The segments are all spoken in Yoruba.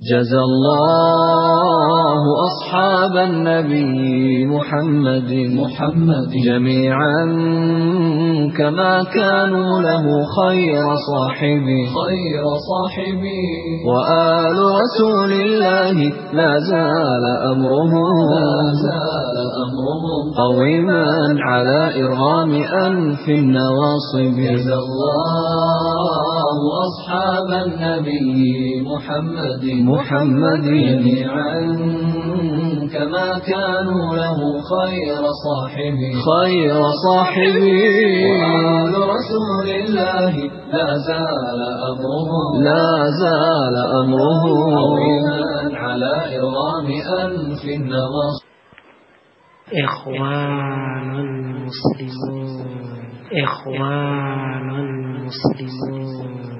جزى الله أصحاب النبي محمد محمد جميعا كما كانوا له خير صاحبي خير صاحبي وآل رسول الله لا زال أمرهم لا زال قويما على إرغام أنف النواصب جزى الله أصحاب النبي محمد محمد جميعا كما كانوا له خير صاحبي خير صاحبي وآل رسول الله لا زال أمره لا زال أمره على إرغام أنف النظر إخوان المسلمون إخوان المسلمون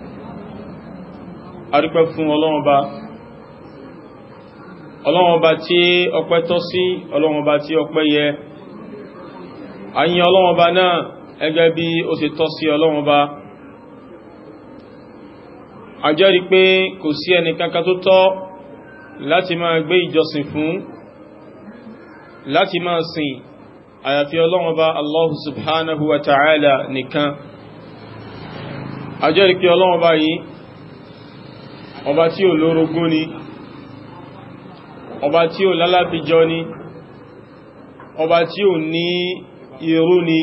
adúpẹ́ fún ọlọ́wọ́ba ọlọ́wọ́ba tí ọpẹ́ tọ́ sí ọlọ́wọ́ba tí ọpẹ́ yẹ àyìn ọlọ́wọ́ba náà ẹgẹ́ bí ó ṣe tọ́ sí ọlọ́wọ́ba àjẹ́rí pé kò sí ẹni kankan tó tọ́ láti máa gbé ìjọsìn fún láti máa sìn àyàfi ọlọ́wọ́ba Allahu subhanahu wa ta'ala nìkan àjẹ́rí pé ọlọ́wọ́ba yìí ọba tí ò lórogún ni ọba tí ò lálábìjọ ni ọba tí ò ní irú ni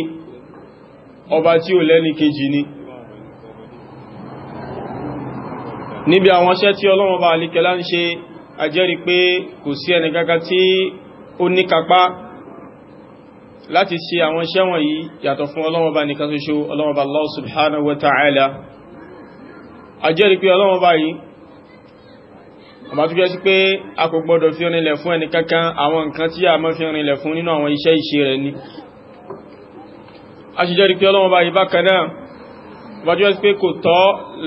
ọba tí ò lẹ́ni kejì ni níbi àwọn iṣẹ́ tí ọlọ́run bá alìkẹlá ń ṣe àjẹ́rí pé kò sí ẹni kaka tí ó ní láti ṣe àwọn iṣẹ́ wọ̀nyí yàtọ̀ fún ọlọ́run bá nìkan ṣoṣo ọlọ́run bá Allah subhanahu wa ta'ala àjẹ́rí pé ọlọ́run bá yìí ọba tó jẹ́ sí pé a kò gbọ́dọ̀ fi rinlẹ̀ fún ẹni kankan àwọn nǹkan tí a mọ́ fi rinlẹ̀ fún nínú àwọn iṣẹ́ ìṣe rẹ̀ ni a ṣe jẹ́rìí pé ọlọ́wọ́ bá ibá kan náà ọba tó jẹ́ sí pé kò tọ́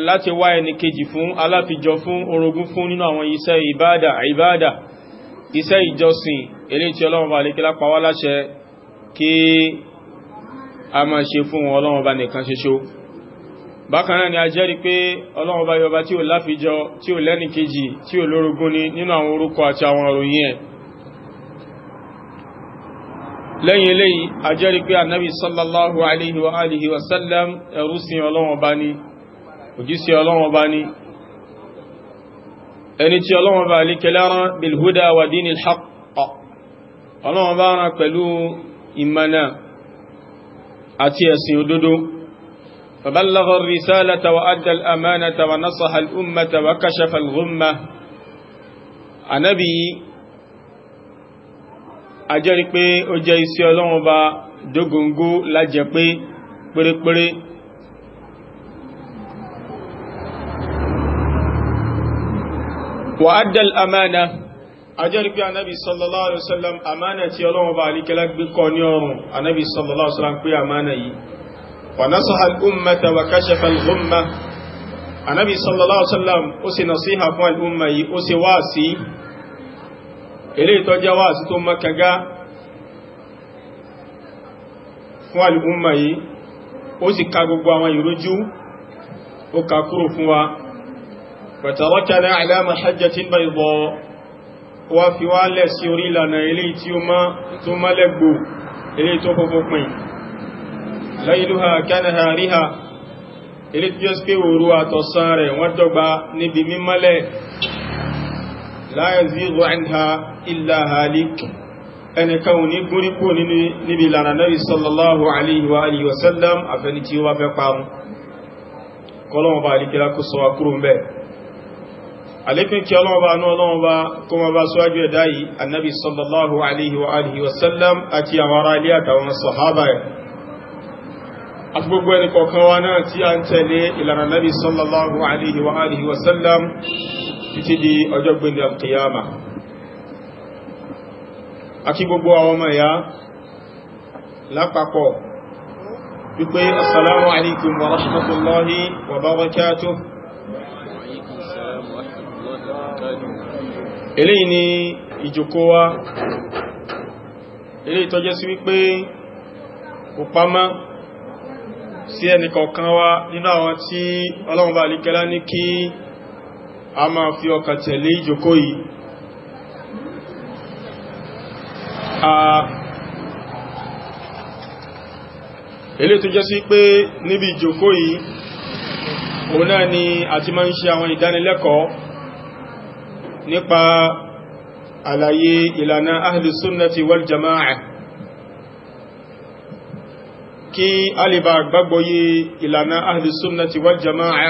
láti wá ẹni kejì fún aláfijọ fún orogún fún nínú àwọn iṣẹ́ ìbáàdà ìbáàdà iṣẹ́ ìjọsìn eléyìí tí ọlọ́wọ́ bá lè kí bákan náà ni a jẹ́rìí pé ọlọ́run ọba yọba tí ó láfijọ tí ó lẹ́ni kejì tí ó lórogún ní nínú àwọn orúkọ àti àwọn òròyìn ẹ̀ lẹ́yìn eléyìí a jẹ́rìí pé annabi sallallahu alaihi wasallam alihi wa sallam ẹrú sí ọlọ́run ọba ni òjíṣẹ́ ọlọ́run ọba ni ẹni tí ọlọ́run ọba alikẹ́lẹ́ rán bilhuda wa dinil haqq ọlọ́run ọba rán pẹ̀lú ìmọ̀nà àti ẹ̀sìn òdodo فبلغ الرسالة وأدى الأمانة ونصح الأمة وكشف الغمة Ànábì ajẹ́rí pé ó jẹ́ iṣẹ́ Ọlọ́run ba dógóngó lájẹ pé pérépéré wa adda al-amana ajẹ́rí pé Ànábì sallallahu alaihi wasallam amánà tí Ọlọ́run ba alikẹ́lá gbé kọ ní ọrùn Ànábì sallallahu alaihi wasallam pé amánà yìí ونصح الأمة وكشف الغمة النبي صلى الله عليه وسلم أسي نصيحة فوى الأمة أسي واسي إليه توجه واسي ثم كغا فوى الأمة أسي كاغوا ويرجو وكاكرو فوى وتركنا على محجة بيضاء وفي والسيوري لنا إليه تيوما ثم لقبو إليه توقفوا lailuha kanahariha ilé tí ó sì òru àtọ̀sán rẹ̀ wọ́n dọ́gba níbi mímọ́lẹ̀ la yazighu anha illa halik ẹnìkan ò ní gúríkò níbi ìlànà Nabi sallallahu alaihi wa alihi wasallam àfẹni tí ó wá fẹ́ parun kọlọ́wọ́n bá alìkíra kó sọ akúrò mẹ́ alìkín kí ọlọ́wọ́n bá ní ọlọ́wọ́n bá kó ma bá síwájú ẹ̀dá yìí annabi sallallahu alaihi wa alihi wasallam àti àwọn ará ilé àtàwọn sahaba àti gbogbo ẹni kọ̀ọ̀kan wa náà tí a ń tẹ̀lé ìlànà nabi sallallahu alaihi wa alihi wasallam títí di ọjọ́ gbẹ̀lẹ̀ alkiyama àti gbogbo àwọn ọmọ ìyá lápapọ̀ wípé assalamu alaikum wa rahmatullahi wa barakatuh eléyìí ni ìjókòó wa eléyìí tó sí wípé kò pamọ́ sí ẹnìkọ̀ọ̀kan wa nínú àwọn tí Ọlọ́run bá alikẹ́lá ní kí a máa fi ọkàn tẹ̀lé ìjókòó yìí ilé tó jẹ́ sí pé níbi ìjókòó yìí òun náà ni a ti máa ń ṣe àwọn ìdánilẹ́kọ̀ọ́ nípa àlàyé ìlànà ahlu sunnati wal jama'a kí a lè bá gbàgbọ́yé ìlànà ahlùsúnnàtí wal jama'a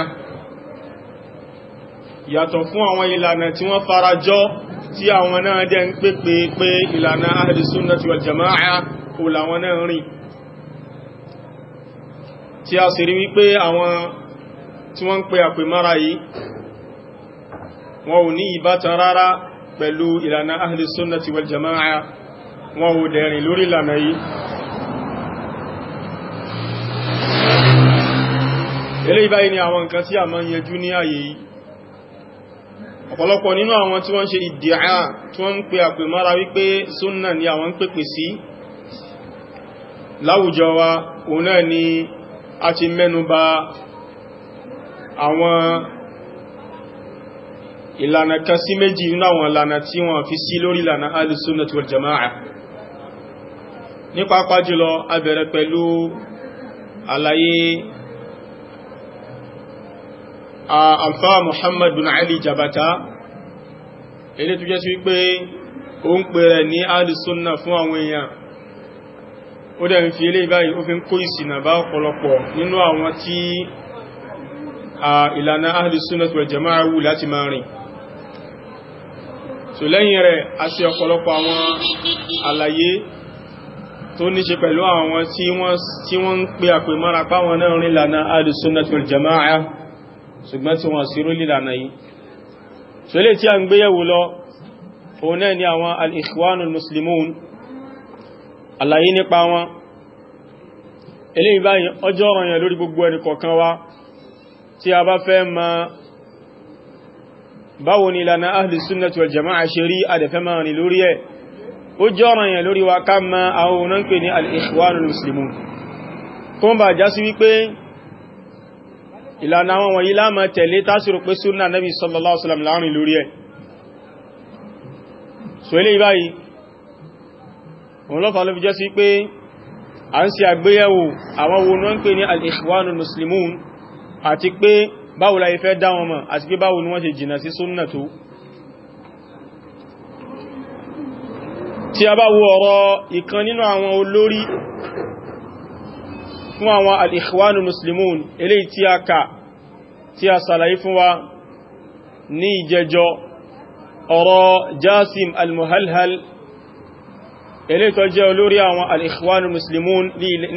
yàtọ̀ fún àwọn ìlànà tí wọ́n farajọ́ tí àwọn náà dẹ̀ ń pèpè pé ìlànà ahlùsúnnàtí wal jama'a kò làwọn náà rìn tí a sì rí wípé àwọn tí wọ́n ń pè àpèmára yìí wọn ò ní ìbátan rárá pẹ̀lú ìlànà ahlùsúnnàtí wal jama'a wọn ò dẹ̀rìn lórí ìlànà yìí eléyìí báyìí ni àwọn nǹkan tí a máa ń yẹjú ní ààyè yìí ọ̀pọ̀lọpọ̀ nínú àwọn tí wọ́n ṣe ìdíà tí wọ́n ń pè àpè mọ́ra wípé súnnà ni àwọn ń pèpè sí láwùjọ wa òun náà ni a ti mẹ́nubà àwọn ìlànà kan sí méjì nínú àwọn ìlànà tí wọ́n fi sí lórí ìlànà alìsúnnàtí alfa muhammad bin ali jabata ilé tó jẹ́ sí wípé ó ń pèrè ní alìsúnnà fún àwọn èèyàn ó dẹ̀ ń fi ilé báyìí ó fi ń kó ìsìnà bá ọ̀pọ̀lọpọ̀ nínú àwọn tí ìlànà alìsúnnà wal jama'a wù láti máa rìn so lẹ́yìn rẹ̀ a ṣe ọ̀pọ̀lọpọ̀ àwọn àlàyé tó ní ṣe pẹ̀lú àwọn tí wọ́n ń pè àpè mọ́ra páwọn náà rìn lànà alìsúnnà jama'a ṣùgbọ́n tí wọ́n sírú lílànà yìí so lè tí a ń gbéyẹ̀wò lọ òun náà ni àwọn al-ikhwanul muslimun àlàyé nípa wọn eléyìí báyìí ọjọ́ ọ̀rọ̀ yẹn lórí gbogbo ẹni kọ̀ọ̀kan wa tí a bá fẹ́ ma báwo ni ìlànà ahli sunnati wal jama'a ṣe rí àdẹ̀fẹ́ máa rìn lórí ẹ̀ ó jẹ́ ọ̀rọ̀ lórí wa ká ma àwọn onáńpẹ̀ ní al-ikhwanul muslimun kó ń bà wípé ìlànà àwọn wọ̀nyí láàmà tẹ̀lé tásìrò pé súnà nẹ́bí sallallahu alaihi wasallam láàrin lórí ẹ̀ so ilé ìbáyìí òun lọ́fà ló fi jẹ́ sí pé a ń ṣe àgbéyẹ̀wò àwọn wo ní wọ́n ń pè ní al-ikhwanul muslimun àti pé báwo wọn mọ̀ tí a bá wo ọ̀rọ̀ ìkan nínú àwọn olórí fún àwọn al'ikhwanu muslimun eléyìí tí a kà tí a sàlàyé fún wa ní ìjẹjọ ọ̀rọ̀ Jasim al-Muhalhal eléyìí tó jẹ́ olórí àwọn al'ikhwanu muslimun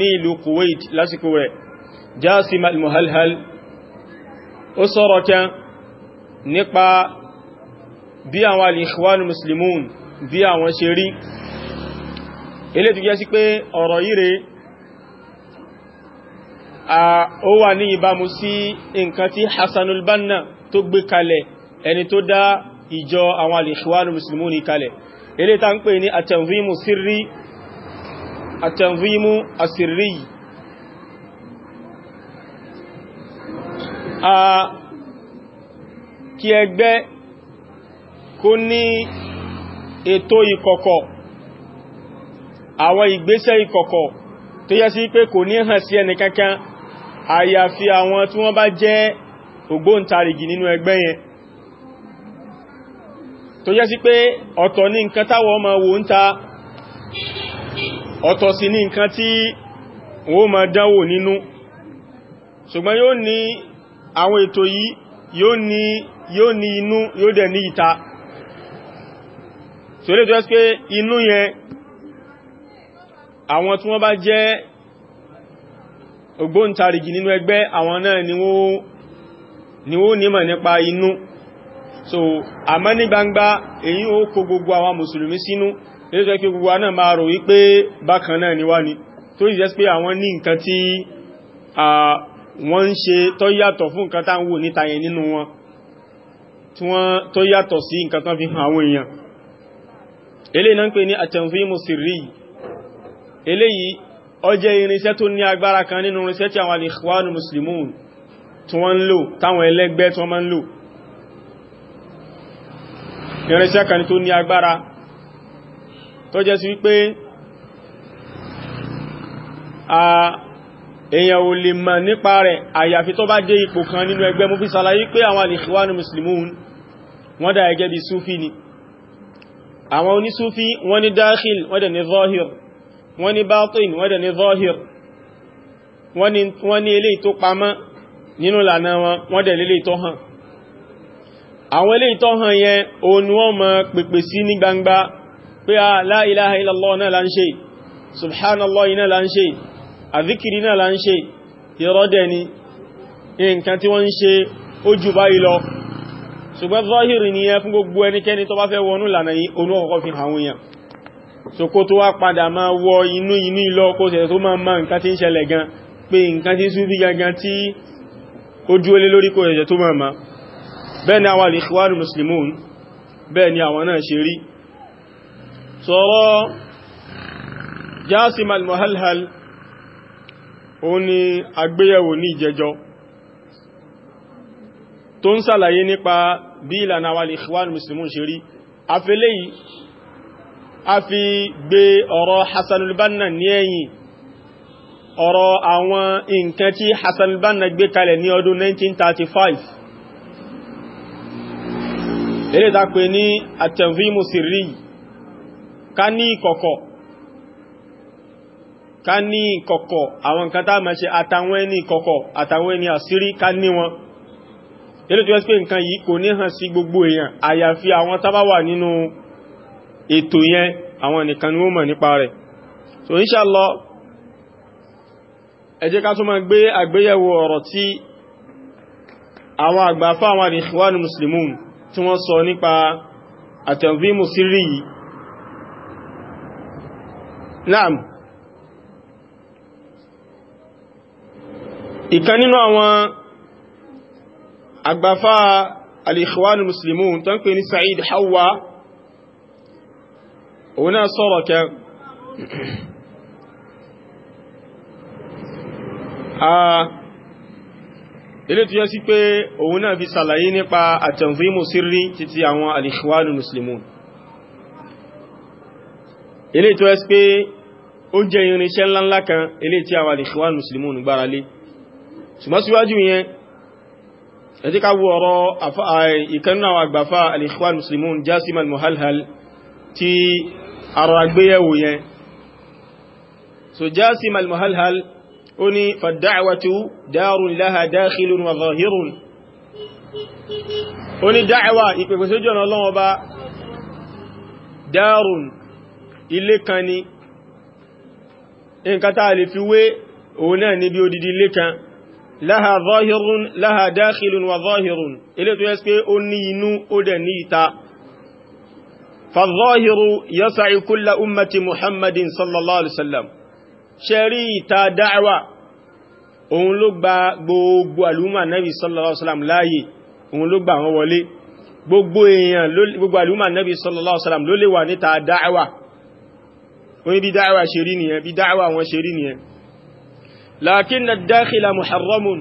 ní ìlú Kuwait lásìkò rẹ̀ Jasim al-Muhalhal ó sọ̀rọ̀ kan nípa bí àwọn al'ikhwanu muslimun bí àwọn ṣe rí eléyìí tó jẹ́ sí pé ọ̀rọ̀ yìí ó wà ní ìbámu sí nǹkan tí Hassanul Banna tó gbé kalẹ̀ ẹni tó dá ìjọ àwọn al-Ikhwanu Muslimuni kalẹ̀ ilé ta ń pè ní at-tanzimu sirri at-tanzimu as-sirri kí ẹgbẹ́ kó ní ètò ìkọ̀kọ̀ àwọn ìgbésẹ̀ ìkọ̀kọ̀ tó yẹ sí pé kò ní hàn sí ẹnìkankan àyàfi àwọn tí wọ́n bá jẹ́ ògbóǹtarìgì nínú ẹgbẹ́ yẹn tó jẹ́ sí pé ọ̀tọ̀ ní nǹkan táwọn ọmọ wò ń ta ọ̀tọ̀ sí ní nǹkan tí wọ́n ma dánwò nínú ṣùgbọ́n yóò ní àwọn ètò yìí yóò ní yóò ní inú yóò dẹ̀ ní ìta tó jẹ́ sí pé inú yẹn àwọn tí wọ́n bá jẹ́ ògbóǹtarìgì nínú ẹgbẹ́ àwọn náà ni wó nímọ̀ nípa inú so àmọ́ ní gbangba èyí ó kó gbogbo àwọn mùsùlùmí sínú lórí jẹ́ kí gbogbo náà máa rò wípé bákan náà ni wá ni tó jẹ́ pé àwọn ní nǹkan tí wọ́n ń ṣe tó yàtọ̀ fún nǹkan táwọn wò níta yẹn nínú wọn tí wọ́n tó yàtọ̀ sí nǹkan tán fi àwọn èèyàn eléyìí náà ń pè ní àtẹ̀fí mùsùlùmí eléyìí ó jẹ́ irinṣẹ́ tó ní agbára kan nínú irinṣẹ́ tí àwọn al-Ikhwanu Muslimun tí wọ́n ń lò táwọn ẹlẹ́gbẹ́ tí wọ́n máa ń lò irinṣẹ́ kan tó ní agbára tó jẹ́ sí wípé a èèyàn ò lè mọ̀ nípa rẹ̀ àyàfi tó bá dé ipò kan nínú ẹgbẹ́ mú àwọn al wọ́n ni dáhìl wọ́n dẹ̀ ní zọ́hìr wọ́n ní batin wọ́n dẹ̀ ní zahir wọ́n ní eléyìí tó pamọ́ nínú ìlànà wọn wọ́n dẹ̀ léléyìí tó hàn àwọn eléyìí tó hàn yẹn òun ni wọ́n mọ̀ pèpè sí ní gbangba pé a la ilaha illallah náà la ń ṣe la ń ṣe àzíkiri náà la ń ṣe ìrọ́dẹ̀ ni nǹkan tí wọ́n ń ṣe ó jù báyìí lọ ṣùgbọ́n zahir ni yẹn fún gbogbo ẹnikẹ́ni tó so kó tó wá padà máa wọ inú inú ìlọ kó sẹ̀ tó máa máa nǹkan tí ń ṣẹlẹ̀ gan pé nǹkan tí súfí gangan tí ó dúó lé lórí kó ẹ̀ṣẹ̀ tó máa máa bẹ́ẹ̀ ni àwọn al-Ikhwanul Muslimun bẹ́ẹ̀ ni àwọn náà ṣe rí sọ̀rọ̀ Jasim al a fi gbé ọ̀rọ̀ Hassanul Banna ní ẹ̀yìn ọ̀rọ̀ àwọn nǹkan tí Hassanul Banna gbé kalẹ̀ ní ọdún 1935 eré ìtàpé ní àtẹ̀vímù sírí ká ní ìkọ̀kọ̀ ká ní ìkọ̀kọ̀ àwọn nǹkan tá máa ṣe àtàwọn ẹni ìkọ̀kọ̀ àtàwọn ẹni àṣírí ká ní wọn eré tí wọ́n sí pé nǹkan yìí kò ní hàn sí gbogbo èèyàn àyàfi àwọn tábà wà nínú ètò yẹn àwọn nìkan ni wọ́n mọ̀ nípa rẹ̀ so inshallah ẹ jẹ́ ká tún máa gbé àgbéyẹ̀wò ọ̀rọ̀ tí àwọn àgbàfà àwọn Ikhwanul Muslimun tí wọ́n sọ nípa àtẹ̀vímù sírí yìí naam ìkan nínú àwọn àgbàfà al-Ikhwanul tó ń pè ní Sa'id Hawa òun náà sọ̀rọ̀ kẹ ilé tó yẹ sí pé òun náà fi sàlàyé nípa àtẹ̀mfíìmù sírí títí àwọn al-Ikhwan al-Muslimun ilé tó yẹ sí pé ó jẹ́ irinṣẹ́ ńláńlá kan ilé tí àwọn al-Ikhwan al-Muslimun gbára lé ṣùgbọ́n síwájú yẹn ẹ ká wo ọ̀rọ̀ ìkannáwà àgbàfà al-Ikhwan al-Muslimun Jasim àrọ̀ àgbéyẹ̀wò yẹn so Jasim al-Muhalhal ó ní fàdáwàtú dárùn láha dákhilun wa zahirun ó ní dáẹ̀wà ìpẹ̀pẹ̀ sójú ọ̀nà Ọlọ́run Ọba dárùn ilé kan ni nǹkan tàà lè fi wé òun náà níbi odidi ilé kan láha zahirun láha dákhilun wa zahirun ilé tó yẹ́ فالظاهر يسع كل أمة محمد صلى الله عليه وسلم شريط دعوة òun ló gba gbogbo àlúmà nẹ́bí sallallahu alaihi wasallam láàyè òun ló gba àwọn wọlé gbogbo èèyàn gbogbo àlúmà nẹ́bí sallallahu alaihi wasallam ló lè wà níta dáàwà oní bí dáàwà ṣe rí nìyẹn bí dáàwà wọn ṣe rí nìyẹn lakin ad-dakhila muharramun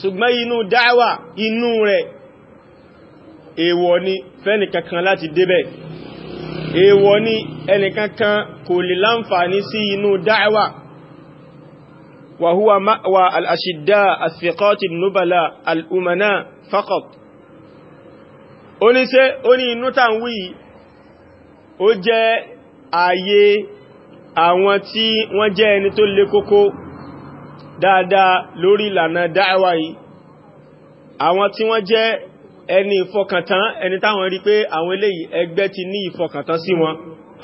ṣùgbọ́n inú dáàwà inú rẹ̀ èèwọ̀ ni fẹ́ni kankan láti débẹ̀ èèwọ̀ ni ẹnìkankan kò lè láǹfààní sí inú dáẹwà wa huwa ma'wa al'ashidda asfikọ́tì nubala al'umana faqat oníṣẹ́ oní inú tàwí ó jẹ́ ààyè àwọn tí wọ́n jẹ́ ẹni tó le kókó dáadáa lórí ìlànà dáẹwà yìí àwọn tí wọ́n jẹ́ ẹni ìfọkàntán ẹni táwọn rí pé àwọn eléyìí ẹgbẹ́ ti ní ìfọkàntán sí wọn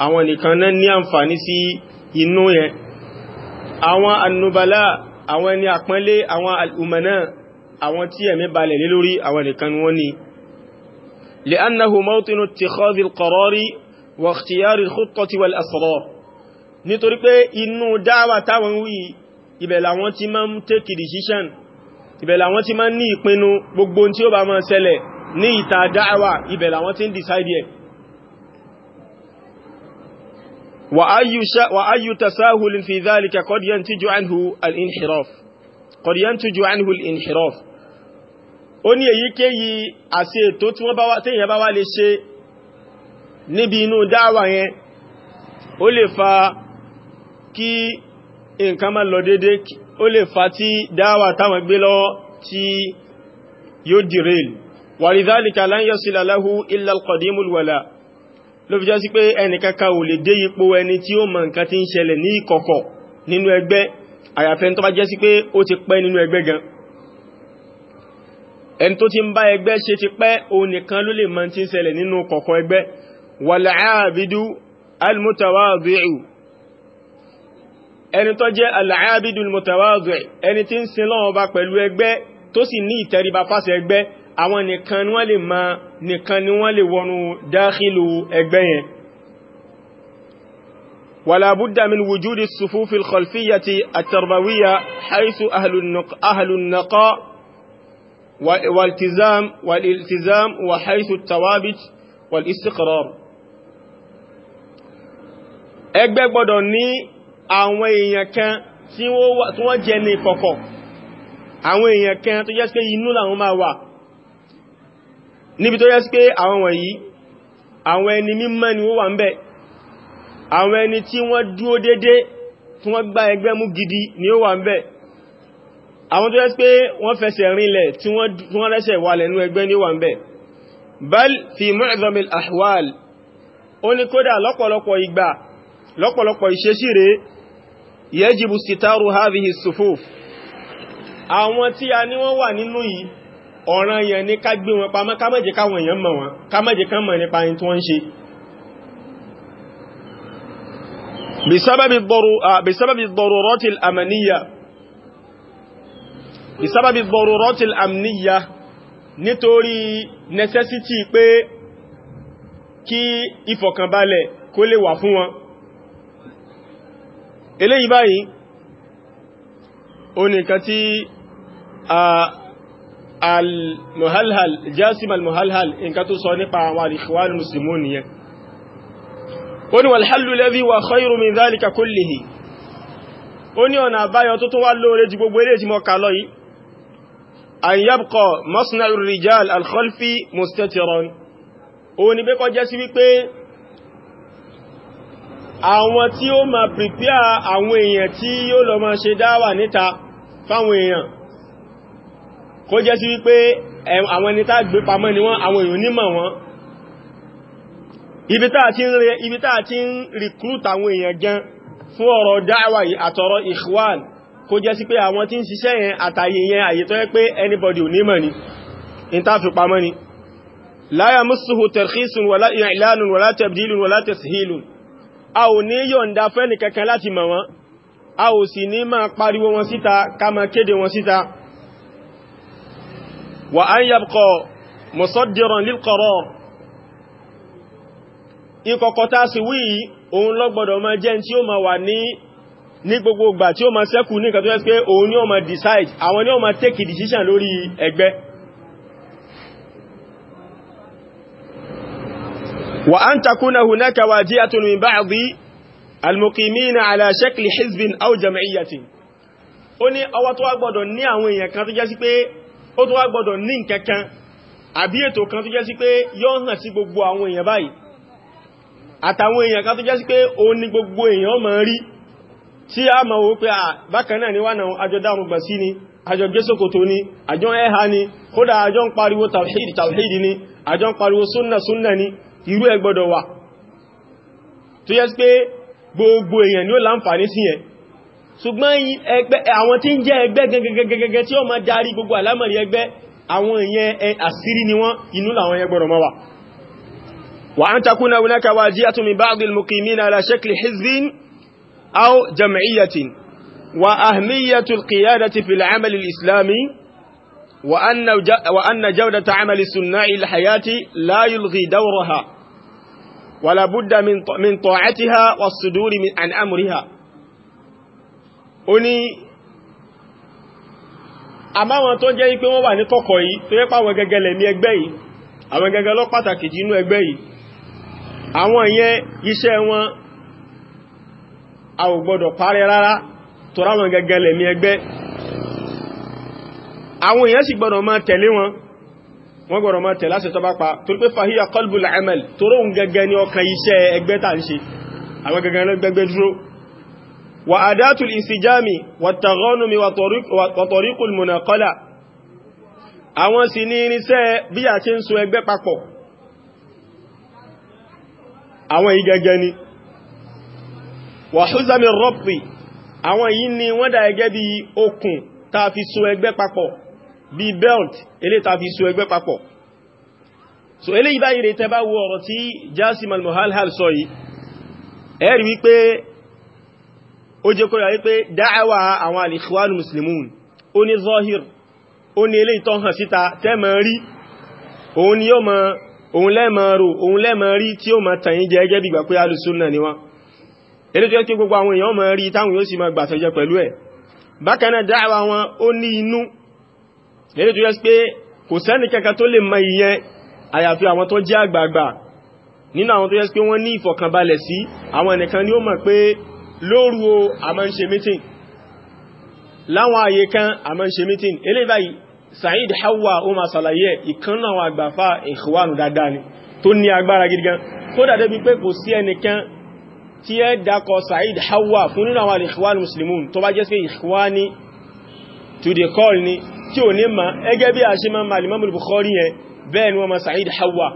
àwọn nìkan náà ní àǹfààní sí inú yẹn àwọn ànúbalá àwọn ẹni àpọ́nlé àwọn alùmọ̀nà àwọn tí ẹ̀mí balẹ̀ lé lórí àwọn nìkan wọ́n ni li'annahu mawtinu ittikhadhi al-qarari wa ikhtiyari al-khuttati wal-asrar nítorí pé inú dáwà táwọn wí ibẹ̀ làwọn ti máa ń take decision ibẹ̀ làwọn ti máa ń ní ìpinnu gbogbo tí ó bá máa ṣẹlẹ̀ ní ìta dáàwà ibẹ̀ làwọn tí ń decide ẹ̀ wa ayyu tasahulin fi dhalika qad yantiju anhu al-inhiraf qad yantiju anhu al-inhiraf ó ní èyíkéyìí àṣẹ ètò tí wọ́n bá wá lè ṣe níbi inú dáàwà yẹn ó lè fa kí nǹkan má lọ dédé ó lè fa tí dáàwà táwọn gbé lọ tí yóò dìrèlì ولذلك لن يصل له إلا القديم الولاء ló fi jẹ́ sí pé ẹnìkankan ò lè dé ipò ẹni tí ó mọ nǹkan tí ń ṣẹlẹ̀ ní ìkọ̀kọ̀ nínú ẹgbẹ́ àyàfẹ́ tó bá jẹ́ sí pé ó ti pẹ́ nínú ẹgbẹ́ gan ẹni tó ti ń bá ẹgbẹ́ ṣe ti pẹ́ òun ló lè mọ tí ń ṣẹlẹ̀ nínú kọ̀kọ̀ ẹgbẹ́ àwọn nìkan ni wọ́n lè ma nìkan ni wọ́n lè wọnú dákìlù ẹgbẹ́ yẹn ولا بد من وجود الصفوف الخلفية التربوية حيث أهل, النق... أهل النقاء والالتزام والالتزام وحيث التوابت والاستقرار ẹgbẹ́ gbọ́dọ̀ ní àwọn èèyàn kan tí wọ́n jẹ́ ní kọ̀kọ̀ àwọn èèyàn kan tó jẹ́ pé inú làwọn máa wà níbi tó yẹ sí pé àwọn wọ̀nyí àwọn ẹni mímọ́ ni ó wà ń bẹ̀ àwọn ẹni tí wọ́n dúó dédé tí wọ́n gbá ẹgbẹ́ mú gidi ni ó wà ń bẹ̀ àwọn tó yẹ sí pé wọ́n fẹsẹ̀ rinlẹ̀ tí wọ́n rẹ́sẹ̀ wà lẹ́nu ẹgbẹ́ ni ó wà ń bẹ̀ bal fi mu'zamil ahwal ó ní kódà lọ́pọ̀lọpọ̀ ìgbà lọ́pọ̀lọpọ̀ ìṣesíre yajibu sitaru hadhihi sufuf àwọn tí a ní wọ́n wà nínú yìí ọ̀ràn yẹn ní ká gbé wọn pamọ́ ká má jẹ́ káwọn èèyàn mọ̀ wọn ká má ká mọ̀ nípa ẹni tí wọ́n ń ṣe بسبب الضرورات الأمنية بسبب الضرورات الأمنية nítorí necessity pé kí ìfọ̀kànbalẹ̀ kó lè wà fún wọn eléyìí báyìí ó nìkan tí a al-muhalhal jasim al-muhalhal nǹkan tó sọ nípa àwọn al-ikhwan muslimun nìyẹn ó ní wal-hallu alladhi wa khayru min dhalika kullihi ó ní ọ̀nà àbáyọ tó tún wá lóore ju gbogbo eré ìjìmọ̀ kà lọ yìí an yabqa masna'u rijal al-khalfi mustatiran ó ní pé jẹ́ sí wípé àwọn tí ó ma prepare àwọn èèyàn tí yóò lọ ma ṣe dáwà níta fáwọn èèyàn kó jẹ́ sí wípé àwọn ẹni tá gbé pamọ́ ni wọ́n àwọn èèyàn nímọ̀ wọn ibi tá a ti ń recruit àwọn èèyàn gan fún ọ̀rọ̀ dáwà àtọ̀rọ̀ ikhwan kó jẹ́ sí pé àwọn tí ń ṣiṣẹ́ yẹn àtàyè yẹn àyè tó yẹ pé anybody ò nímọ̀ ni in tá fi pamọ́ ni la yamassuhu tarkhisun wala i'lanun wala a ò ní yọ̀ǹda fẹ́ni kankan láti a ò sì ní máa pariwo وأن يبقى مصدرا للقرار ìkọ̀kọ̀ tá a sì wí òun ló gbọ́dọ̀ máa jẹ́ tí ó máa wà ní ní gbogbo ìgbà tí ó máa ṣẹ́kù ní ìkàtọ́ ẹ́sì pé òun ni ó máa decide àwọn ni ó máa take decision lórí ẹgbẹ́ wa an takuna hunaka wajiyatun min ba'di al-muqimina ala shakli hizbin aw jam'iyyatin ó ní ọwọ́ tó wá gbọ́dọ̀ ní kan tó jẹ́ sí pé ó tún wá gbọ́dọ̀ ní nǹkankan àbí ètò kan tó jẹ́ sí pé yọ́ hàn sí gbogbo àwọn èèyàn báyìí àtàwọn èèyàn kan tó jẹ́ sí pé ó ní gbogbo èèyàn máa rí tí a máa wò pé bákan náà ni wà náà àjọ dárùgbà sí ni àjọ gẹ́sòkòtò ni àjọ ẹ̀há ni kódà àjọ ń pariwo tàwíìdì ni ṣùgbọ́n àwọn tí ń jẹ́ ẹgbẹ́ gẹ́gẹ́gẹ́gẹ́ tí ó máa darí gbogbo àlámọ̀rí ẹgbẹ́ àwọn ìyẹn àṣírí ni wọ́n inú làwọn yẹn gbọ́dọ̀ máa wà wa an takuna hunaka wajiyatun min ba'd al-muqimina wa ahmiyatu al-qiyadati fil 'amal min ta'atiha was-suduri ó ní àmáwọn tó jẹ́ pé wọ́n wà ní kọ̀kọ̀ yìí tó yẹ́ pàwọn gẹ́gẹ́ lẹ̀ ní ẹgbẹ́ yìí àwọn gẹ́gẹ́ lọ pàtàkì jínú ẹgbẹ́ yìí àwọn ìyẹn iṣẹ́ wọn a ò gbọ́dọ̀ parẹ́ rárá tó ráwọn gẹ́gẹ́ lẹ̀ ní ẹgbẹ́ àwọn èèyàn sì gbọ́dọ̀ máa tẹ̀lé wọn wọ́n gbọ́dọ̀ máa tẹ̀lé àṣẹ tó torí pé fàhíyà qalbul amal tó róhun gẹ́gẹ́ ní ọkàn iṣẹ́ ẹgbẹ́ tà ń ṣe àwọn gẹ́gẹ́ lẹ́gbẹ́gbẹ́ dúró وأداة الانسجام والتغانم وطريق المناقلة àwọn sì ní irinṣẹ́ bí a ṣe ń so ẹgbẹ́ papọ̀ àwọn yìí gẹ́gẹ́ ni wàhúzàmì rọ́pì àwọn yìí ni wọ́n dá ẹgẹ́ bí okùn ta fi so ẹgbẹ́ papọ̀ bí belt elé ta fi so ẹgbẹ́ papọ̀ so elé ìbáyìí rẹ̀ tẹ́ bá wo ọ̀rọ̀ tí Jasim al-Muhalhal sọ yìí ẹ rí wípé ó jẹ́ kó yàrí pé dáẹ́wà àwọn al-ikhwan muslimun ó ní zahir ó ní ilé ìtọ́ hàn síta tẹ́mọ̀ rí òun ni yóò mọ̀ òun lẹ́mọ̀ rò òun lẹ́mọ̀ rí tí ó mọ̀ tàyín jẹ́ gẹ́gẹ́ bí gbà pé alùsùnà ni wọ́n eré tó yẹ kí gbogbo àwọn èèyàn mọ̀ rí táwọn yóò sì mọ̀ gbàtọ̀jẹ pẹ̀lú ẹ̀ bákan náà lóru o a máa ń ṣe meeting láwọn àyè kan a máa ṣe meeting eléyìí báyìí Said Hawa ó máa ṣàlàyé ìkan náà àgbàfà ìhùwánu dáadáa ni tó ní agbára gidi gan kódà débi pé kò sí ẹnìkan tí ẹ dákọ Said Hawa fún nínú àwọn ìhùwánu muslimun tó bá jẹ́ sí ìhùwáni to the call ni tí ò ní ma ẹgẹ́ bí a ṣe máa ma Imam Bukhari yẹn bẹ́ẹ̀ ni wọ́n ma Said Hawa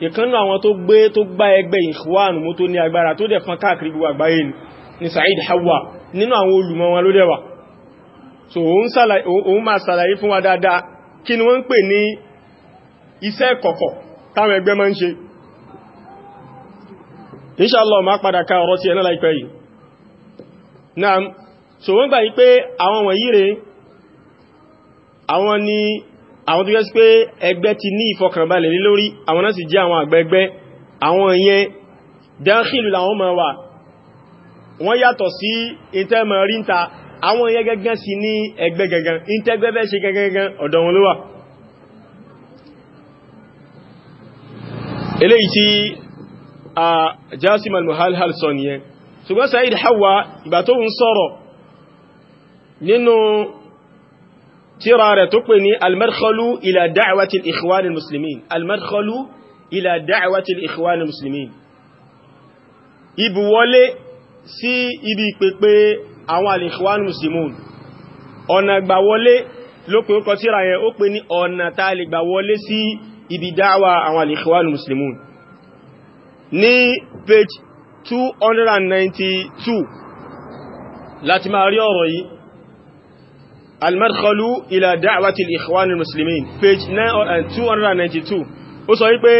ìkan náà àwọn tó gbé tó gbá ẹgbẹ́ ìhùwánu mú tó ní agbára tó dẹ̀ fún káàkiri gbogbo àgbáyé ni ni Sa'id Hawa nínú àwọn olùmọ̀ wọn ló dẹ̀wà so òun máa sàlàyé fún wa dáadáa kí ni wọ́n ń pè ní iṣẹ́ kọ̀kọ̀ táwọn ẹgbẹ́ máa ń ṣe inshallah ma padà ka ọ̀rọ̀ sí ẹ̀nà láìpẹ́ yìí naam so wọ́n gbà yí pé àwọn wọ̀nyí rẹ̀ àwọn ni àwọn tó gẹ́sí pé ẹgbẹ́ ti ní ìfọkànbalẹ̀ lórí àwọn náà sì jẹ́ àwọn àgbẹ̀gbẹ́ àwọn yẹn dáhìlù làwọn máa wà wọ́n yàtọ̀ sí ìtẹ́mọ̀ ríńta àwọn ẹyẹ gẹ́gẹ́ sí ní ẹgbẹ́ gẹ́gẹ́ ìtẹ́gbẹ́bẹ́ ṣe gẹ́gẹ́ ọ̀dọ̀ wọn ló wà eléyìí tí a Jasim al-Muhalhal sọ nìyẹn ṣùgbọ́n Said Hawa ìgbà tó ń sọ̀rọ̀ nínú tíra rẹ̀ tó pè ní al ila da'wati al muslimin al sí ibi ìpèpè àwọn al-Ikhwan Muslimun ọ̀nà ìgbàwọlé ló pè ó kọ síra yẹn ó pè ní ọ̀nà tá a lè gbàwọlé sí ibi dáwà àwọn al-Ikhwan ní page 292 láti máa rí ọ̀rọ̀ yìí al-madkhalu ila da'wati al muslimin page 292 eh, ó sọ wípé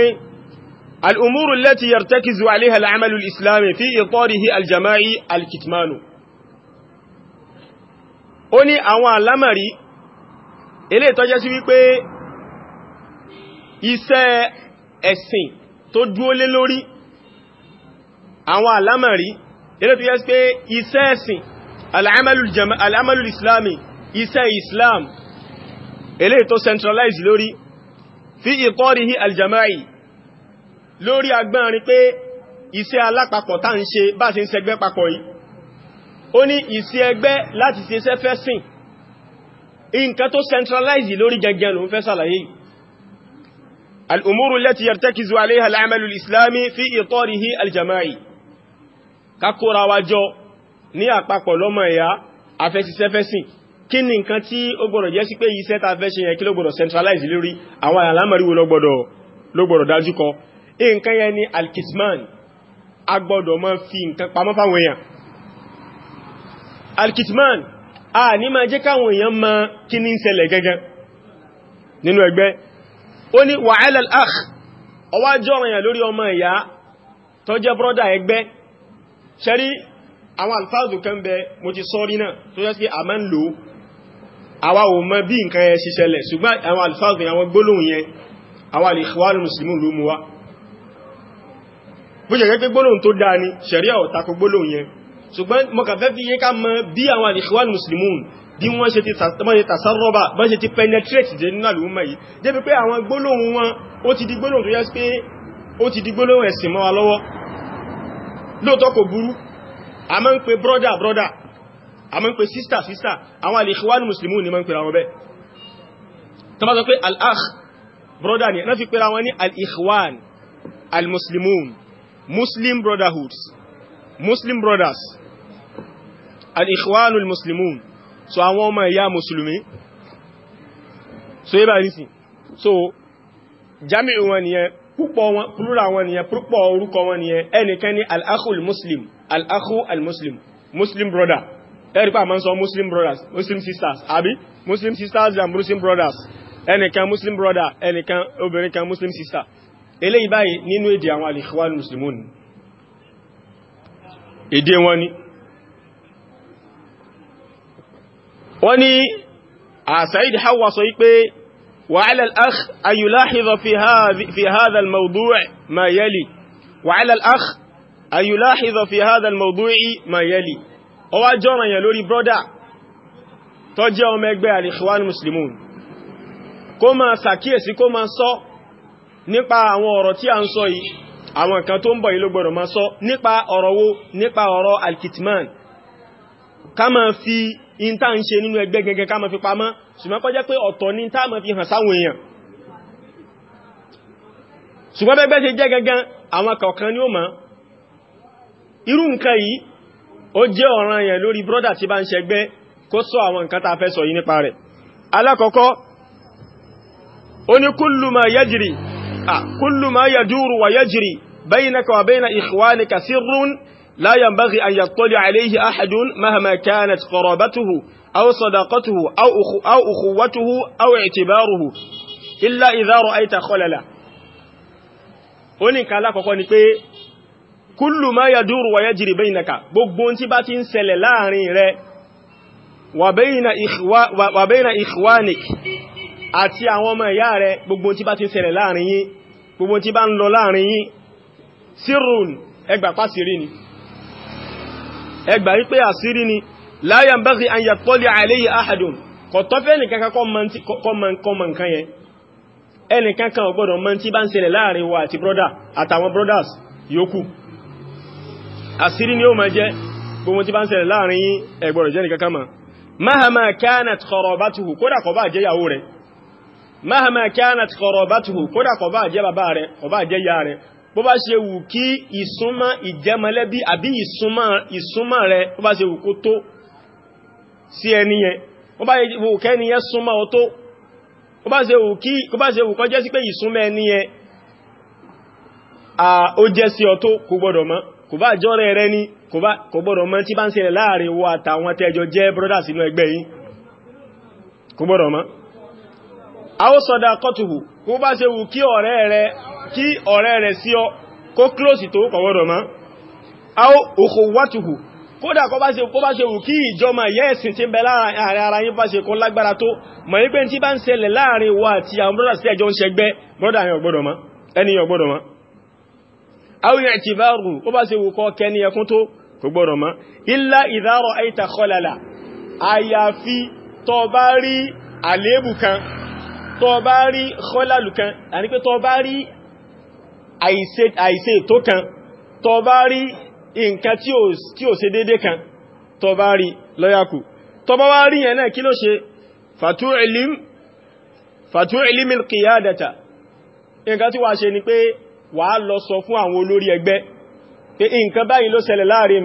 الأمور التي يرتكز عليها العمل الإسلامي في إطاره الجماعي الكتمان ó ní àwọn àlámọ̀rí eléyìí tó jẹ́ sí wípé iṣẹ́ ẹ̀sìn tó dúó lé lórí àwọn àlámọ̀rí eléyìí tó jẹ́ sí pé iṣẹ́ ẹ̀sìn al'amalul islami iṣẹ́ islam eléyìí tó centralize lórí fi ìtọ́rí aljama'i lórí agbárin pé iṣẹ́ alápapọ̀ tá ń ṣe bá ṣe ń ṣẹgbẹ́ papọ̀ yìí ó ní iṣẹ́ ẹgbẹ́ láti ṣe iṣẹ́ fẹ́ sìn nǹkan tó centralize lórí gẹ́gẹ́ ló ń fẹ́ sàlàyé yìí الأمور التي يرتكز عليها العمل الإسلامي في إطاره ni nǹkan tí ó gbọ́dọ̀ jẹ́ sí pé iṣẹ́ ta fẹ́ ṣe yẹn kí ló gbọ́dọ̀ centralize lórí àwọn àlámọ̀rí wo ló gbọ́dọ̀ ló gbọ́dọ̀ nǹkan yẹn ni alkisman a gbọ́dọ̀ máa fi nǹkan pamọ́ fáwọn èèyàn alkisman a ní máa jẹ́ káwọn èèyàn ma kí ní ṣẹlẹ̀ gẹ́gẹ́ nínú ẹgbẹ́ ó ní wa ala al-akh ọwá jọ́rọ̀ yẹn lórí ọmọ ìyá tó jẹ́ brọ́dà ẹgbẹ́ ṣẹ́rí àwọn alfáàzù kan bẹ mo ti sọ rí náà tó jẹ́ sí a máa ń lò àwa bí nǹkan yẹn ṣiṣẹ́lẹ̀ ṣùgbọ́n àwọn alfáàzù yẹn àwọn gbólóhùn yẹn àwọn al-ikhwanul ló mú wa bó ṣe rẹ́ pé gbólóhùn tó dáa ni ṣẹ̀ríà ò tako gbólóhùn yẹn ṣùgbọ́n mọ́kànfẹ́ fi yẹ ká mọ bí àwọn al-ikhwan muslimun bí wọ́n ṣe ti tàṣàrọ́bà bá ṣe ti penetrate jẹ́ nínú àlùmọ́ yìí débi pé àwọn gbólóhùn wọn ó ti di gbólóhùn tó yẹ pé ó ti di gbólóhùn ẹ̀sìn mọ́ wa lọ́wọ́ lóòótọ́ kò burú a máa ń pe brother brother a máa ń pe sister sister àwọn al-ikhwan muslimun ni máa ń pera wọn bẹ́ẹ̀ tó bá sọ pé al-akh brother ni wọ́n fi pera wọn ní al-ikhwan al-muslimun muslim brotherhoods muslim brothers and ikhwanul muslimun so àwọn ọmọ ìyá musulmi so yíba nìsí so jami'u wọn nìyẹn púpọ̀ wọn plural wọn nìyẹn púpọ̀ orúkọ wọn nìyẹn ẹnìkan ní al-akhul muslim al-akhu muslim muslim brother ẹ̀rípa ma ń sọ muslim brothers muslim sisters àbí muslim sisters and muslim brothers ẹnìkan muslim brother ẹnìkan obìnrin kan muslim sister eléyìí báyìí nínú èdè àwọn al-Ikhwan al-Muslimun èdè wọn ni wọ́n ni Sa'id Hawa sọ wípé وعلى الأخ أن يلاحظ في هذا في هذا الموضوع ما يلي وعلى الأخ أن يلاحظ في هذا الموضوع ما يلي ó wá jọ̀ràn yẹn lórí brother tó jẹ́ ọmọ ẹgbẹ́ al-Ikhwan kó máa ṣàkíyèsí kó máa sọ nípa àwọn ọ̀rọ̀ tí a ń sọ yìí àwọn kan tó ń bọ̀ yìí ló gbọ́dọ̀ máa sọ nípa ọ̀rọ̀ wo nípa ọ̀rọ̀ alkitman ká máa fi in tá ń ṣe nínú ẹgbẹ́ gẹ́gẹ́ ká máa fi pamọ́ ṣùgbọ́n kó jẹ́ pé ọ̀tọ̀ ní tá máa fi hàn sáwọn èèyàn ṣùgbọ́n bẹ́gbẹ́ ṣe jẹ́ gẹ́gẹ́ àwọn kọ̀ọ̀kan ni ó mọ̀ irú nǹkan kullu ma yajri كل ما يدور ويجري بينك وبين إخوانك سر لا ينبغي أن يطلع عليه أحد مهما كانت قرابته أو صداقته أو, أخو أو أخوته أو اعتباره إلا إذا رأيت خللا oníkà alákọ̀ọ́kọ́ ni pé kúlù máa yà dúrù wà yá jìrì bẹ́ ìnàkà gbogbo tí bá ti ń ṣẹlẹ̀ láàrin rẹ wà bẹ́ ìnà ìhwánik àti àwọn ọmọ ìyá rẹ gbogbo tí bá ti ṣẹlẹ̀ láàrin yín gbogbo tí bá ń lọ láàrin yín sírùn ẹgbà pàṣírí ni ẹgbà wípé àṣírí ni la yanbaghi an yattali alayhi ahadun kò tọ́fẹ́ nìkankan kọmọ nǹkan yẹn ẹnìkankan ò gbọ́dọ̀ mọ̀ tí bá ń ṣẹlẹ̀ láàrin wa àti brọ́dà àtàwọn tí bá ń ṣẹlẹ̀ láàrin yín ẹ jẹ́ nìkankan mọ̀ mahama kanat kharabatuhu kódà kó bá jẹ́ ìyàwó rẹ̀ mahama kánàtì kọ̀rọ̀bátùhù kódà kò bá jẹ́ bàbá rẹ̀ kò bá jẹ́ ya rẹ̀ bó bá ṣe wù kí ìsúnmọ́ ìjẹmọlẹ́bí àbí ìsúnmọ́ rẹ̀ bó bá ṣe wù kó tó sí ẹni yẹn bó bá ṣe wù kẹ́ni yẹn súnmọ́ ọ tó bó bá ṣe wù kí bó bá ṣe wù kó jẹ́ sí pé ìsúnmọ́ ẹni yẹn ó jẹ́ sí ọ tó kò gbọ́dọ̀ mọ́ kò bá jọ́rẹ̀ rẹ ní kò gbọ́dọ̀ mọ́ tí bá ń ṣẹlẹ̀ láàrin wo àtàwọn tẹ́jọ jẹ́ brọ́dà sínú ẹgbẹ́ yìí kò gbọ́dọ̀ mọ́ àwọn sọ̀dá kọtùhù kó bá ṣe wù kí ọ̀rẹ́ rẹ̀ kí ọ̀rẹ́ rẹ̀ sí ọ kó klóòsì tó kọ̀wọ́dọ̀ mọ́ àwọn òkòwàtùhù kódà kó bá ṣe kó bá ṣe wù kí ìjọmọ̀ yẹ́ẹ̀sìn tí ń bẹ láàrin ara yín bá ṣe kó lágbára tó mọ̀ wípé tí bá ń ṣẹlẹ̀ láàrin wa àti àwọn brọ́dà kan tó bá rí kọ́lálù kan àní pé tó bá rí àìṣe ètò kan tó bá rí nǹkan tí ò ṣe dédé kan tó bá rí lọ́yàkù tó bá wá rí yẹn náà kí ló ṣe fàtú ìlímì kìyàdàtà nǹkan tí wà ṣe ni pé wà á lọ sọ fún àwọn olórí ẹgbẹ́ nǹkan báyìí ló ṣẹlẹ̀ láàrin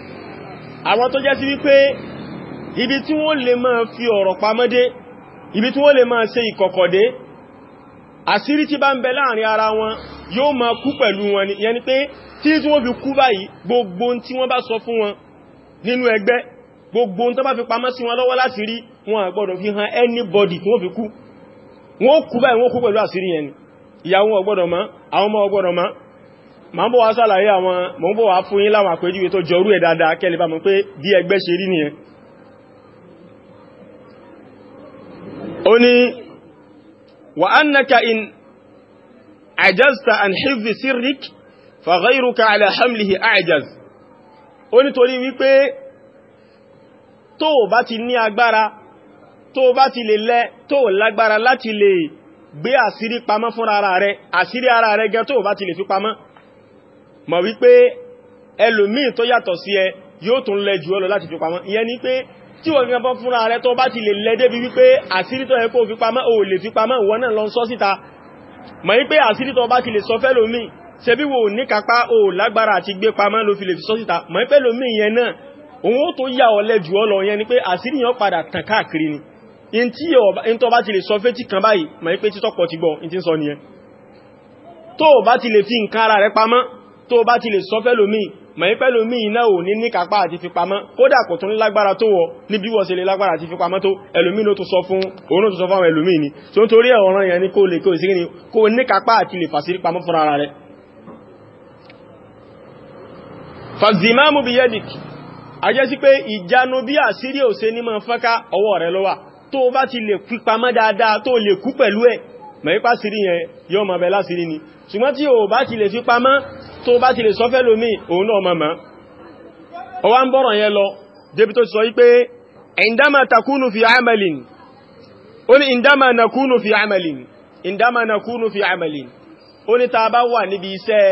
àwọn tó jẹ́ sí wípé ibi tí wọ́n lè máa fi ọ̀rọ̀ pamọ́dé ibi tí wọ́n lè máa ṣe ìkọ̀kọ̀dé àṣírí tí bá ń bẹ láàrin ara wọn yóò máa kú pẹ̀lú wọn ni yẹni pé tí tí wọ́n fi kú báyìí gbogbo tí wọ́n bá sọ fún wọn nínú ẹgbẹ́ gbogbo tó bá fi pamọ́ sí wọn lọ́wọ́ láti rí wọn àgbọ́dọ̀ fi hàn anybody tí wọ́n fi kú wọ́n kú báyìí wọ́n kú pẹ̀lú àṣírí yẹn ni ìyàwó ọgbọ́dọ̀ mọ̀ àwọn ọmọ ọgbọ́dọ̀ mọ̀ ma ń bọ̀ wá sàlàyé àwọn mọ̀ ń bọ̀ wá fún yín láwọn àpèjúwe tó jọrú ẹ̀ dáadáa kẹ́lẹ̀ bá mọ̀ pé bí ẹgbẹ́ ṣe rí nìyẹn ó ní wa annaka in ajazta an hifzi sirrik fa ghayruka ala hamlihi ajaz ó ní torí wípé tó bá ti ní agbára tó bá ti lè lẹ́ tó lágbára láti lè gbé àṣírí pamọ́ fúnra rẹ̀ àṣírí ara rẹ̀ gan tó bá ti lè fi pamọ́ mọ̀ wípé ẹlòmíì tó yàtọ̀ sí ẹ yóò tún lẹ jù ẹ lọ láti fi pamọ́ ìyẹn ni pé tí wọ́n gbọ́n fúnra rẹ tó bá ti lè lẹ débi wípé àṣírí tó yẹ kó fi pamọ́ ò lè fi pamọ́ ìwọ náà lọ sọ síta mọ̀ wípé àṣírí tó bá ti lè sọ fẹ́lòmíì ṣebí wo ní kápá ò lágbára àti gbé pamọ́ ló fi lè fi sọ síta mọ̀ wípé lòmíì yẹn náà òun ó tó yà ọ lẹ jù ọ lọ yẹn ni pé àṣírí yẹn padà tàn káàkiri ni in tí ó bá ti lè sọ fẹ́ tí kan báyìí mọ̀ wípé títọ́pọ̀ ti gbọ́ in ti ń sọ nìyẹn tó bá ti lè fi nǹkan ara rẹ pamọ́ tó bá ti lè sọ fẹ́ lómi mẹ́yí pẹ́ lómi iná ò ní níkàpá àti fipamọ́ kódà kò tún lágbára tó wọ ní bí wọ́n ṣe lè lágbára àti fipamọ́ tó ẹlòmí ló tó sọ fún òun tó sọ fún àwọn ni tí ó torí ọ̀ràn yẹn ní kó lè kó sí ní kó níkàpá àti lè fàṣírí pamọ́ fún ara rẹ̀ fàzimámù bí yẹ́dìk ajẹ́ sí pé ìjánu bí àṣírí ni ṣùgbọ́n tí ò bá ti lè fi pamọ́ tó bá ti lè sọ fẹ́ lómi òun náà mọ̀mọ́ ó wá ń bọ́rọ̀ yẹn lọ débi tó ti sọ wípé indama takunu fi amalin ó ní indama nakunu fi amalin indama nakunu fi amalin ó ní ta bá wà níbi iṣẹ́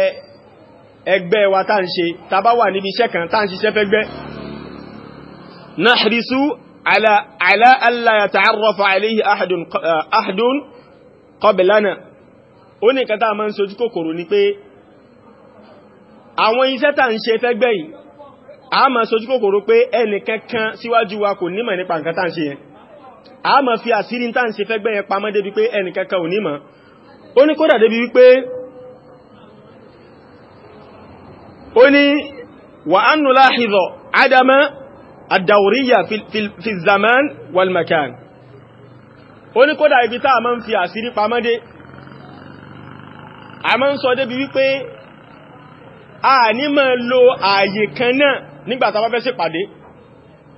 ẹgbẹ́ wa tá ń ṣe ta wà níbi iṣẹ́ kan tá ń ṣiṣẹ́ fẹ́gbẹ́ nahrisu ala ní nǹkan máa ń sojú kòkòrò ni pé àwọn iṣẹ́ tà ń ṣe fẹ́gbẹ́ yìí a máa sojú kòkòrò pé ẹnìkankan síwájú wa kò nímọ̀ nípa nǹkan tà ń ṣe yẹn a máa fi àṣírí tà ń ṣe fẹ́gbẹ́ yẹn pamọ́ débi pé ẹnìkankan ò nímọ̀ ó ní kódà débi wípé ó ní wà á nù láhìzọ̀ adama àdàwòríyà fi zaman walmakan ó ní kódà ibi tá a ń fi àṣírí pamọ́ dé a máa ń sọ débi wípé a ní máa lo ààyè kan náà nígbà tá bá fẹ́ ṣe pàdé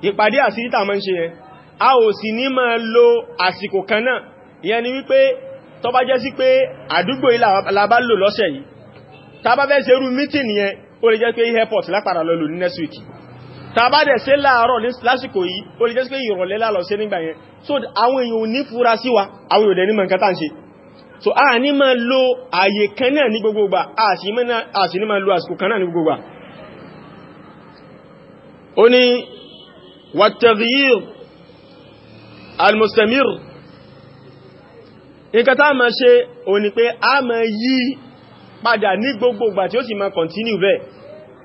ìpàdé àṣírí tá máa ń ṣe yẹn a ò sì ní máa lo àsìkò kan náà ìyẹn ni wípé tó bá jẹ́ sí pé àdúgbò yìí la bá lò lọ́sẹ̀ yìí tá bá fẹ́ ṣe irú mítìn yẹn ó lè jẹ́ pé airport lápàdà lọ lò ní next week tá bá dẹ̀ ṣe láàárọ̀ lásìkò yìí ó lè jẹ́ sí pé ìrọ̀lẹ́ lálọ́ nígbà yẹn so àwọn èèyàn ò ní fura sí wa àwọn èèyàn ò dẹ̀ ní mọ̀ nǹkan tá ń ṣe so a ní ma lo àyè kan náà ní gbogbo a sì ní ma lo àsìkò kan náà ní gbogbo ìgbà ó ní wàtàríyìr almustamir nǹkan tá ma ṣe ó ní pé a ma yí padà ní gbogbo ìgbà tí ó sì ma continue bẹ́ẹ̀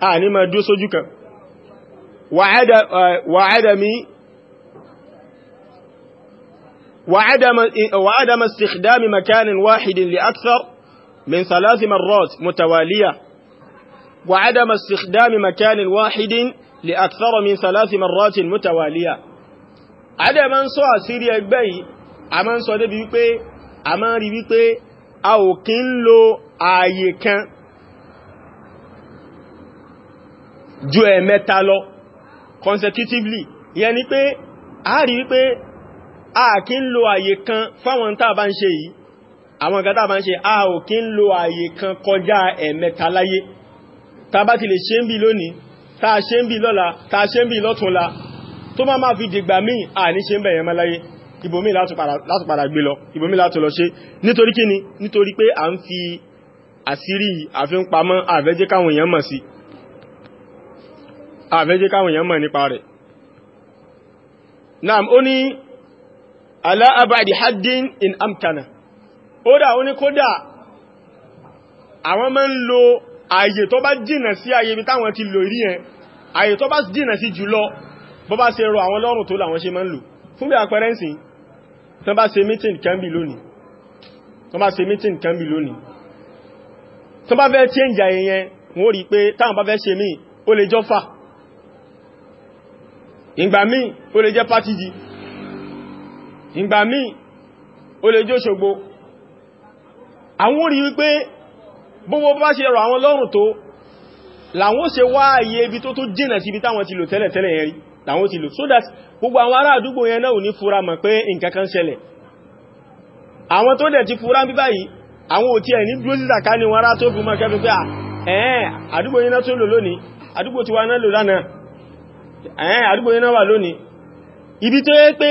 a ní ma dúó sójú kan wa'adami وعدم, وعدم استخدام مكان واحد لأكثر من ثلاث مرات متوالية وعدم استخدام مكان واحد لأكثر من ثلاث مرات متوالية عدم أنسوا أسيري أكبي أما أنسوا دبي بي أما ربي بي أو كنلو آيكا جو ẹ̀mẹ́ta lọ consecutively يعني pé a rí a kí ń lo àyè kan fáwọn tàà bá ń ṣe yìí àwọn nǹkan tàà bá ń ṣe a ò kí ń lo àyè kan kọjá ẹ̀mẹ́ta láyé tàà bá ti lè ṣe ń bí lónìí tàà ṣe ń bí lọ́la tàà ṣe ń bí lọ́túnla tó máa máa fi dìgbà míì a ní ṣe ń bẹ̀yẹn mọ́ láyé ibòmí láti padà gbé lọ ibòmí láti lọ ṣe nítorí kíni nítorí pé à ń fi àṣírí àfihàn pamọ́ àfẹ́jẹ́ káwọn èèyàn mọ̀ sí àfẹ́jẹ́ káwọn èèyàn mọ̀ nípa rẹ̀ naam ó ní ala abadi haddin in amkana ó dà ó ní kódà àwọn máa ń lo ààyè tó bá jìnà sí ààyè ibi táwọn ti lò rí yẹn ààyè tó bá jìnà sí jùlọ bó bá ṣe rọ àwọn lọ́rùn tó làwọn ṣe máa ń lò fún bí àpẹẹrẹ tó bá ṣe meeting kan bí lónìí tó bá fẹ́ change ààyè yẹn wọ́n rí pé táwọn bá fẹ́ ṣe míì ó lè jọ fà ìgbà míì ó lè jẹ́ pátí ìgbà míì ó lè jẹ́ Òṣogbo àwọn orí wípé bówó bá ṣe rọ̀ àwọn lọ́rùn tó làwọn ó ṣe wá àyè ibi tó tó jìnà sí ibi táwọn ti lò tẹ́lẹ̀tẹ́lẹ̀ yẹn rí làwọn ti lò so that gbogbo àwọn ará àdúgbò yẹn náà ò ní fura mọ̀ pé nǹkan kan ṣẹlẹ̀ àwọn tó dẹ̀ ti fura ń bí báyìí àwọn ò tiẹ̀ ní dúró sí ìsàká ni wọn ará tó fi mọ́ kẹ́fẹ́ pé ẹ̀ẹ́n àdúgbò yẹn tó lò lónìí àdúgbò tiwa náà lò lánàá ẹ̀ẹ́n àdúgbò yẹn wà lónìí ibi tó yẹ pé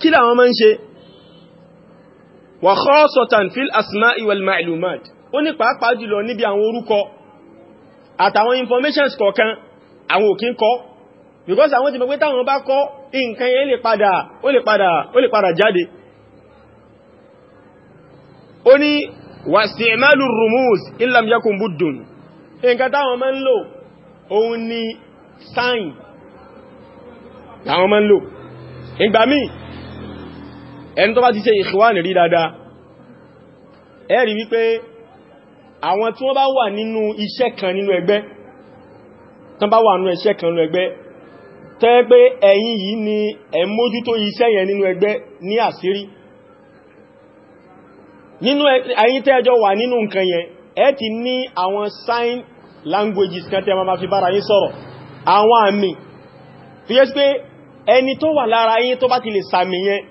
kí làwọn máa ń ṣe wa khasatan fil asma'i wal ma'lumat ó ní pàápàá jùlọ níbi àwọn orúkọ àtàwọn informations kọ̀ọ̀kan àwọn òkín kọ́ because àwọn ti mọ̀ pé táwọn bá kọ́ nǹkan yẹn lè padà ó lè padà ó lè padà jáde ó ní wa isti'malu rumuz illam yakun buddun nǹkan táwọn máa ń lò òun ni sign táwọn máa ń lò ìgbà míì ẹni tó bá ti ṣe ìṣwánì rí dáadáa ẹ rí wípé àwọn tí wọ́n bá wà nínú iṣẹ́ kan nínú ẹgbẹ́ tán bá wà nínú iṣẹ́ kan nínú ẹgbẹ́ tẹ́ pé ẹ̀yin yìí ni ẹ mójútó iṣẹ́ yẹn nínú ẹgbẹ́ ní àṣírí sign languages kan tẹ́ máa fi bára yín sọ̀rọ̀ àwọn àmì fi yẹ́ sí pé ẹni tó wà lára yín tó bá ti lè sàmì yẹn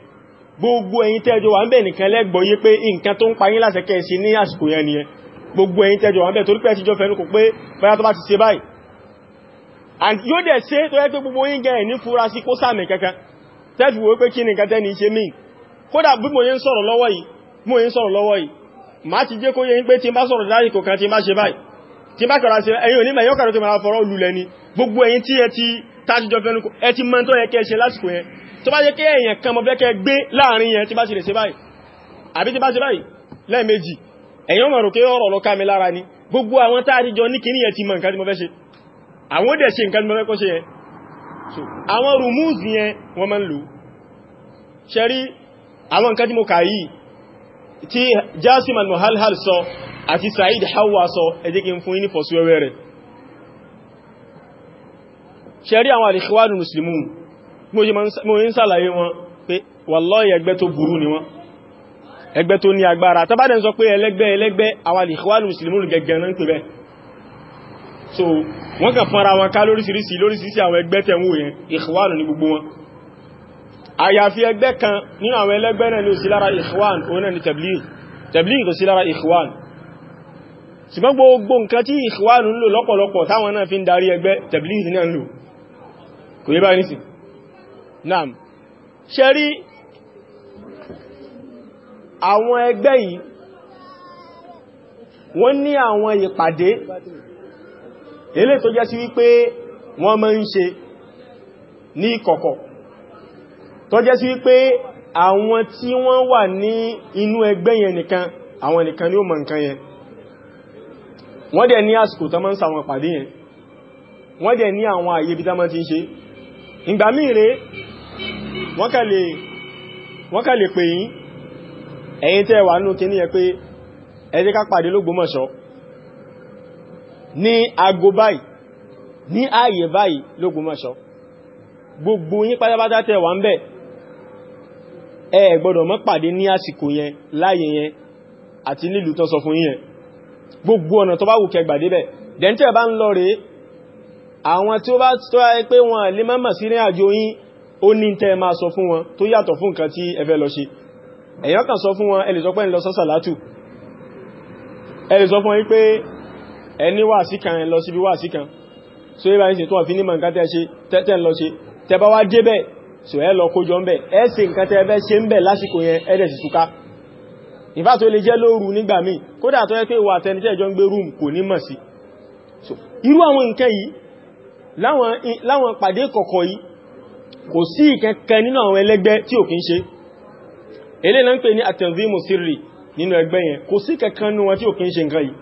gbogbo ẹ̀yin tẹ́jọ wà ń bẹ̀ nìkan lẹ́gbọ́ yé pé nǹkan tó ń pa yín láṣẹ kẹ́ẹ̀sí ní àsìkò yẹn nìyẹn gbogbo ẹ̀yin tẹ́jọ wà ń bẹ̀ torí pé ẹ̀sìjọ fẹ́nu kò pé báyá tó bá ti ṣe báyìí and yóò dẹ̀ ṣe tó yẹ pé gbogbo yín gẹ̀ ní fura sí kó sàmì kankan tẹ́fì wo pé kí ni nǹkan tẹ́ni ṣe míì kódà bí mo yẹn sọ̀rọ̀ lọ́wọ́ yìí mo yẹn sọ̀rọ̀ lọ́wọ́ yìí màá ti jẹ́ kó yẹ pé tí n bá sọ̀rọ̀ láyé kò kan tí n bá ṣe báyìí tí n bá kọ̀ra ṣe ẹ̀yin onímọ̀ ẹ̀yọ́ kàrọ̀ tó máa fọ̀rọ̀ lulẹ̀ ni gbogbo ẹ̀yin tí ẹ ti tájújọ fẹ́nu ẹ ti mọ́ tó yẹ kẹ́ ṣe lásìkò yẹn tó bá jẹ́ kí èèyàn kan mọ́ fẹ́ kẹ́ gbé láàrin yẹn tí bá ṣe lè ṣe báyìí àbí tí bá ṣe báyìí lẹ́ẹ̀mejì èèyàn mọ̀ rò pé ọ̀rọ̀ lọ ká mi lára ni gbogbo àwọn tá a ti jọ ní kíní yẹn ti mọ nǹkan tí mo fẹ́ ṣe àwọn ó sọ àti Said Hawa sọ ẹ jẹ́ fún yín ní fọ̀síwẹ́wẹ́ rẹ̀ ṣe rí àwọn al-Ikhwanul mo ń sàlàyé wọn pé wallahi ẹgbẹ́ tó burú ni wọ́n ẹgbẹ́ tó ní agbára tàbádẹ́ sọ pé ẹlẹ́gbẹ́ ẹlẹ́gbẹ́ àwọn Ikhwanul so wọ́n kàn fọ́nra wọn ká lóríṣiríṣi lóríṣiríṣi àwọn ẹgbẹ́ tẹ̀wò yẹn Ikhwanu ní gbogbo wọn àyàfi ẹgbẹ́ kan nínú àwọn ẹlẹ́gbẹ́ náà ní ó sí lára Ikhwan òun náà ni Tabligh Tabligh kò sí lára Ikhwan ṣùgbọ́n gbogbo nǹkan tí Ikhwanu ń lò lọ́pọ̀lọpọ̀ táwọn náà fi ń darí ẹgbẹ́ Tabligh náà lò kò yẹ báyìí nísìnyí Nam, ṣe rí àwọn ẹgbẹ́ yìí wọ́n ní àwọn ìpàdé eléyìí tó jẹ́ sí wípé wọ́n máa ń ṣe ní kọ̀kọ̀ tó jẹ́ sí wípé àwọn tí wọ́n wà ní inú ẹgbẹ́ yẹn nìkan àwọn nìkan ni ó mọ̀ nǹkan yẹn wọ́n dẹ̀ ní àsìkò tó máa ń ṣàwọn ìpàdé yẹn wọ́n dẹ̀ ní àwọn àyè bí tá máa ti ń ṣe ìgbà míì rèé wọ́n kà lè pè yí ẹ̀yin tẹ́ wà nú kí ní ẹ pé ẹ jẹ́ ká pàdé l'Ógbómọ̀ṣọ́ ní ago báyìí ní ààyè báyìí l'Ógbómọ̀ṣọ́ gbogbo yín pátápátá tẹ́ wà ń bẹ̀ ẹ gbọ́dọ̀ mọ́ pàdé ní àsìkò yẹn láàyè yẹn àti lílù tán sọ fún yín gbogbo ọ̀nà tó bá wù kẹ́ gbàdébẹ̀ dẹ̀ntẹ́ bá ń lọ rèé àwọn tí ó bá tọ́ ẹ pé wọn lè mọ́mọ̀ sí rìn àjò yín ó ní tẹ́ máa sọ fún wọn tó yàtọ̀ fún nǹkan tí ẹfẹ́ lọ ṣe ẹ̀yàn kan sọ fún wọn ẹ lè sọ pé ń lọ sọ́sàlátù ẹ lè sọ fún wọn pé ẹni wà sí kan ẹ lọ síbi wà sí kan so ẹ bá ń ṣe tó wà fi ní mọ̀ nǹkan tẹ́ ṣe tẹ́tẹ́ lọ ṣe tẹ́ bá wá dé bẹ̀ so ẹ lọ kójọ ńbẹ̀ ẹ ṣe nǹkan tẹ́ fẹ́ ṣe ńbẹ̀ lásìkò yẹn ẹ dẹ̀ sì túká ìfà tó lè jẹ́ lóru láwọn pàdé kọ̀kọ̀ yìí kò sí ìkẹ́kẹ́ nínú àwọn ẹlẹ́gbẹ́ tí ò kí ń ṣe ilé náà ń pè ní àtẹ̀zímù sírì nínú ẹgbẹ́ yẹn kò sí kẹ́kẹ́ nínú wọn tí ò kí ń ṣe nǹkan yìí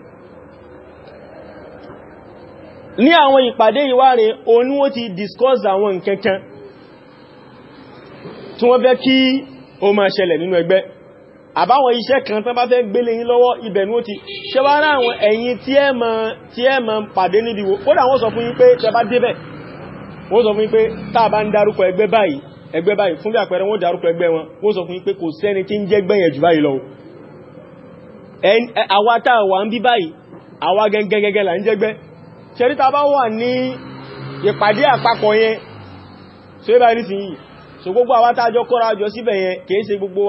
ní àwọn ìpàdé ìwáre oníwó ti discuss àwọn nkẹ́kẹ́ tí wọ́n fẹ́ kí o máa ṣẹlẹ̀ nínú ẹgbẹ́ àbáwọn iṣẹ́ kan tán bá fẹ́ gbélé yín lọ́wọ́ ibẹ̀ ní ó ti ṣe wá ráwọn ẹ̀yìn tí ẹ máa pàdé níbi wò kódà wọ́n sọ fún yín pé tẹ bá débẹ̀ wọ́n sọ fún yín pé tá bá ń darúkọ ẹgbẹ́ báyìí ẹgbẹ́ báyìí fún bí àpẹẹrẹ wọ́n darúkọ ẹgbẹ́ wọn wọ́n sọ fún yín pé kò sẹ́ni tí ń jẹ́ gbẹ̀yẹ̀ jù báyìí lọ àwa tá wà ń bí báyìí àwa gẹ́gẹ́gẹ́gẹ́ là ń jẹ́gbẹ́ ṣẹ́rí tá wà ní ìpàdé àpapọ̀ yẹn so báyìí gbogbo àwa jọ o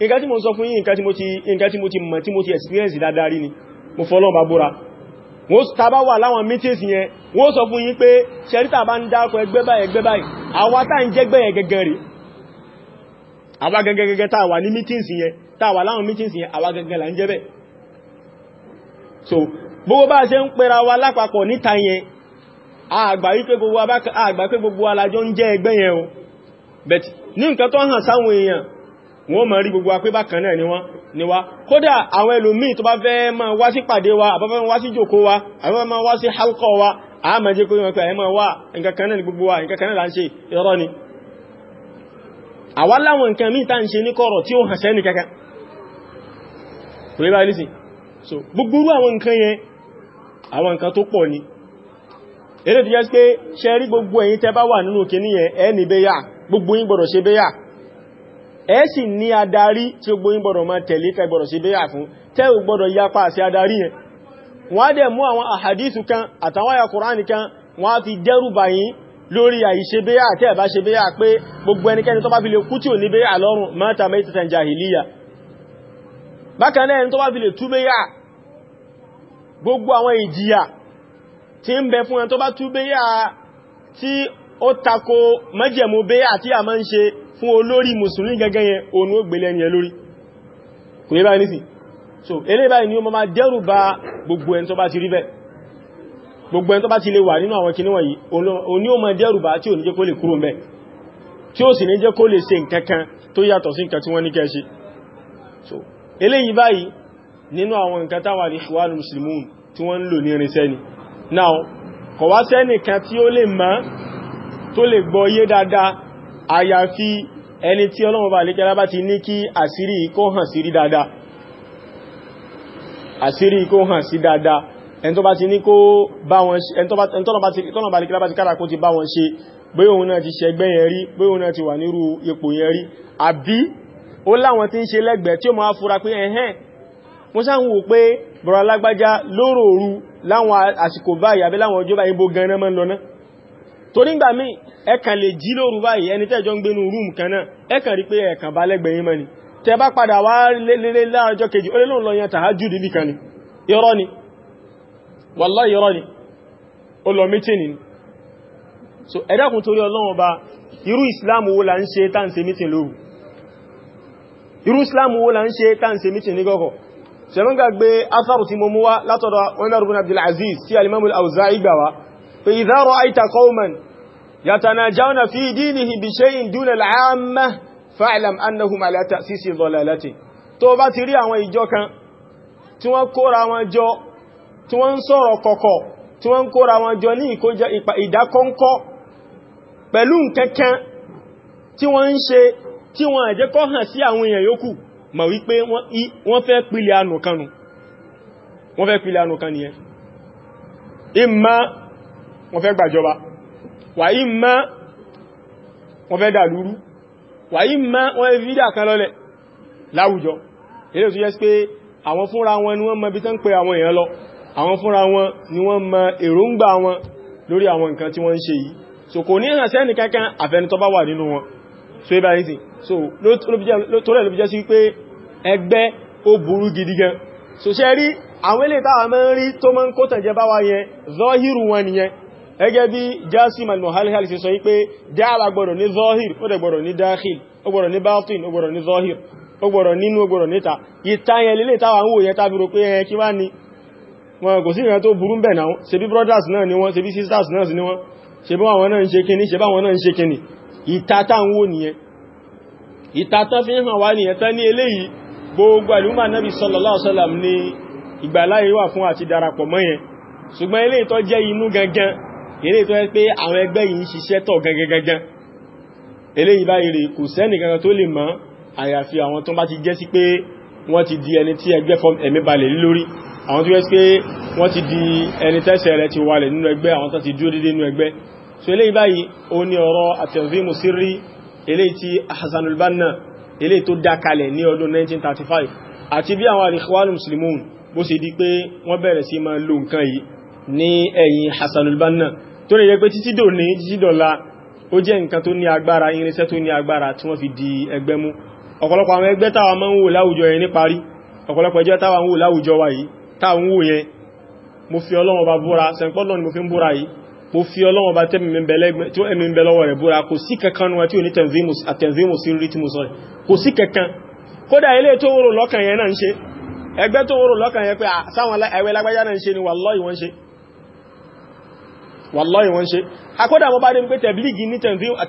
nǹkan tí mo sọ wọ́n tàbá wà láwọn meetings yẹn wọ́n sọ fún yín pé ṣẹ̀rítà bá ń dákọ ẹgbẹ́ báyìí ẹgbẹ́ báyìí àwa tá ń jẹ́gbẹ́ yẹn gẹ́gẹ́ rí àwa gẹ́gẹ́gẹ́gẹ́ tá wà ní meetings yẹn tá wà láwọn meetings yẹn àwa gẹ́gẹ́ là ń jẹ́ bẹ́ẹ̀ so wa lápapọ̀ níta yẹn àgbà but ní nǹkan tó hàn wọ́n mọ̀ rí gbogbo apé bákan náà ni wọ́n ni wá kódà àwọn ẹlòmíì tó bá fẹ́ máa wá sí pàdé wa àbáfẹ́ wá sí jòkó wa àbáfẹ́ máa wá sí halkọ́ wa a máa jẹ́ kó yíwọ́n ni gbogbo wa nǹkan kan náà là ń ṣe irọ́ ni àwa láwọn nǹkan míì tá tí ó hàn so gbogbo irú àwọn nǹkan yẹn àwọn nǹkan tó ni eré tó jẹ́ pé ṣe rí gbogbo ẹ̀yin tẹ́ bá wà nínú kìíní yẹn ẹ́ bẹ́yà gbogbo yín gbọ́dọ̀ ṣe bẹ́yà ẹ sì ní adarí tí ó gbóyìn gbọ́dọ̀ máa tẹ̀lé ká gbọ́dọ̀ sí bẹ́yà fún tẹ́ ò gbọ́dọ̀ yapa àṣẹ adarí yẹn wọ́n á dẹ̀ mú àwọn àhàdísù kan àtàwọn àyà kùránì kan wọ́n á fi dẹ́rù bàyín lórí àìṣe bẹ́yà tẹ́ ẹ̀ bá ṣe bẹ́yà pé gbogbo ẹnikẹ́ni tó bá fi lè kú tí ò ní bẹ́yà lọ́rùn mọ́ta mẹ́tẹ̀tẹ̀ jahiliya bákan ó tako májẹ̀mú bẹ́yà tí a máa ń ṣe fún olórí mùsùlùmí gẹ́gẹ́ yẹn òun ó gbélé ẹni ẹ lórí kò yẹ báyìí nísìn so eléyìí báyìí ni ó máa dẹ́rù bà gbogbo ẹni tó bá ti rí bẹ́ẹ̀ gbogbo ẹni tó bá ti lè wà nínú àwọn kinní wọ̀nyí òní ó máa dẹ́rù bà tí ò so eléyìí báyìí nínú àwọn nǹkan táwà ní ṣùwárù mùsùlùmí tí wọ́n ń lò now kọ̀wá sẹ́nìkan tí ó lè mọ̀ lè gbọ́ yé dáadáa àyàfi ẹni tí ọlọ́run bá lékẹ́lá bá ti ní kí àṣírí kó hàn sí rí dáadáa àṣírí kó hàn sí dáadáa ẹni tó bá ti ní kó bá wọn ṣe ẹni tọ́nà bá lékẹ́lá bá ti kára kó ti bá wọn ṣe pé òun náà ti ṣẹgbẹ́ yẹn rí pé òun náà ti wà bọ̀rọ̀ alágbájá lóròrú láwọn àsìkò báyìí àbí láwọn ọjọ́ báyìí bó gan-an mọ́ lọ náà torí ngbà mí ẹkàn lè jí lóru báyìí ẹni tẹ́jọ ń gbénu rúùmù kan náà ẹkàn rí pé ẹkàn bá lẹ́gbẹ̀ẹ́ yín mọ́ni tẹ bá padà wá lélẹ́lẹ́ láàjọ kejì ó lé lóun lọ yan tahajjud kan ni so ẹ dákun torí ọlọ́run ọba irú islam wo la ń ṣe tá ń ṣe mítìn lóru irú islam wo la ń ṣe tá ń ṣe mítìn Abdul Aziz sí al-Imam al-Awza'i pé idha ra'ayta qauman yatanajawna fi dinihim bi shay'in duna al-'ammah fa'lam annahum ala ta'sisi dhalalati tó bá ti rí àwọn ìjọ kan tí wọ́n kóra wọn jọ tí wọ́n sọ̀rọ̀ kọ̀kọ̀ tí wọ́n kóra wọn jọ ní ìkójẹ ìdákọ́ńkọ́ pẹ̀lú nǹkankan tí wọ́n ń ṣe tí wọ́n àjẹ́ kọ́ hàn sí àwọn èèyàn yòókù ma wípé wọ́n fẹ́ pìlẹ̀ ànùkanu wọ́n fẹ́ pìlẹ̀ ànùkan nìyẹn ìmá wọ́n fẹ́ gbàjọba wàyí mọ́ wọ́n fẹ́ dàlúrú wàyí mọ́ wọ́n fẹ́ fídà kan lọ́lẹ̀ láwùjọ ilé tó yẹ́ sí pé àwọn fúnra wọn ni wọ́n mọ bí tán pé àwọn èèyàn lọ àwọn fúnra wọn ni wọ́n mọ èròǹgbà wọn lórí àwọn nǹkan tí wọ́n ń ṣe yìí so kò ní hàn sẹ́ni kankan àfẹnitọ́ bá wà nínú wọn so ibà ní sí so tó rẹ̀ ló fi jẹ́ sí pé ẹgbẹ́ ó burú gidi gan so ṣe rí àwọn ilé táwa máa tó máa ń kó tànjẹ bá wa yẹn zọ́hírù wọn nìyẹn gẹ́gẹ́ bí jásím al-muhalhal ṣe sọ yí pé dáàwà gbọ́dọ̀ ní zọ́hìr ó dẹ̀ gbọ́dọ̀ ní dáhìl ó gbọ́dọ̀ ní bátín ó gbọ́dọ̀ ní zọ́hìr ó gbọ́dọ̀ nínú ó gbọ́dọ̀ níta ìtayẹn lélẹ̀ táwà ń wò yẹn tábírò pé ẹ kí wá ní wọn kò sí ìrìn tó burú bẹ̀ náà ṣe bí brothers náà ni wọ́n ṣe bí sisters náà sí ni wọ́n ṣe bí wọn ṣùgbọ́n eléyìí tó jẹ́ inú gangan eré tó yẹ pé àwọn ẹgbẹ́ yìí ń ṣiṣẹ́ tọ̀ gangan eléyìí báyìí rè kò sẹ́ni kankan tó lè mọ̀ àyàfi àwọn tó bá ti jẹ́ sí pé wọ́n ti di ẹni tí ẹgbẹ́ fọ́m ẹ̀mí balẹ̀ lórí àwọn tó yẹ pé wọ́n ti di ẹni tẹ́sẹ̀ rẹ̀ ti wálẹ̀ nínú ẹgbẹ́ àwọn tó ti dúró dédé nínú ẹgbẹ́ so Muslimun bó ṣe di pé wọ́n bẹ̀rẹ̀ sí máa lo nǹkan ẹ̀yìn Hasanul Banna tó lè yẹ pé títí dò ní títí dọ̀la ó jẹ́ nǹkan tó ní agbára irinṣẹ́ tó ní agbára tí wọ́n fi di ẹgbẹ́ mú ọ̀pọ̀lọpọ̀ àwọn ẹgbẹ́ táwa máa ń wò láwùjọ yẹn ní parí ọ̀pọ̀lọpọ̀ ẹjọ́ táwa ń wò láwùjọ wa yìí táwa ń wò yẹn mo fi Ọlọ́run bá búra sẹ́ńpọ́lọ́ ni mo fi ń búra yìí mo fi Ọlọ́run bá tẹ́mi ń bẹ lọ́wọ́ rẹ̀ búra kò sí kankan nu àti òní tẹ̀nvímù sí rí tí mo sọ kò sí kankan kódà ilé tó wòrò lọ́kàn yẹn náà ń ṣe ẹgbẹ́ tó wòrò lọ́kàn yẹn pé sáwọn ẹwẹ́ lágbájá náà ń ṣe ni wà lọ́ ìwọ́n ṣe wallahi wọ́n ṣe akọ́dà bọ́ bá dé pé tẹ̀blígì ní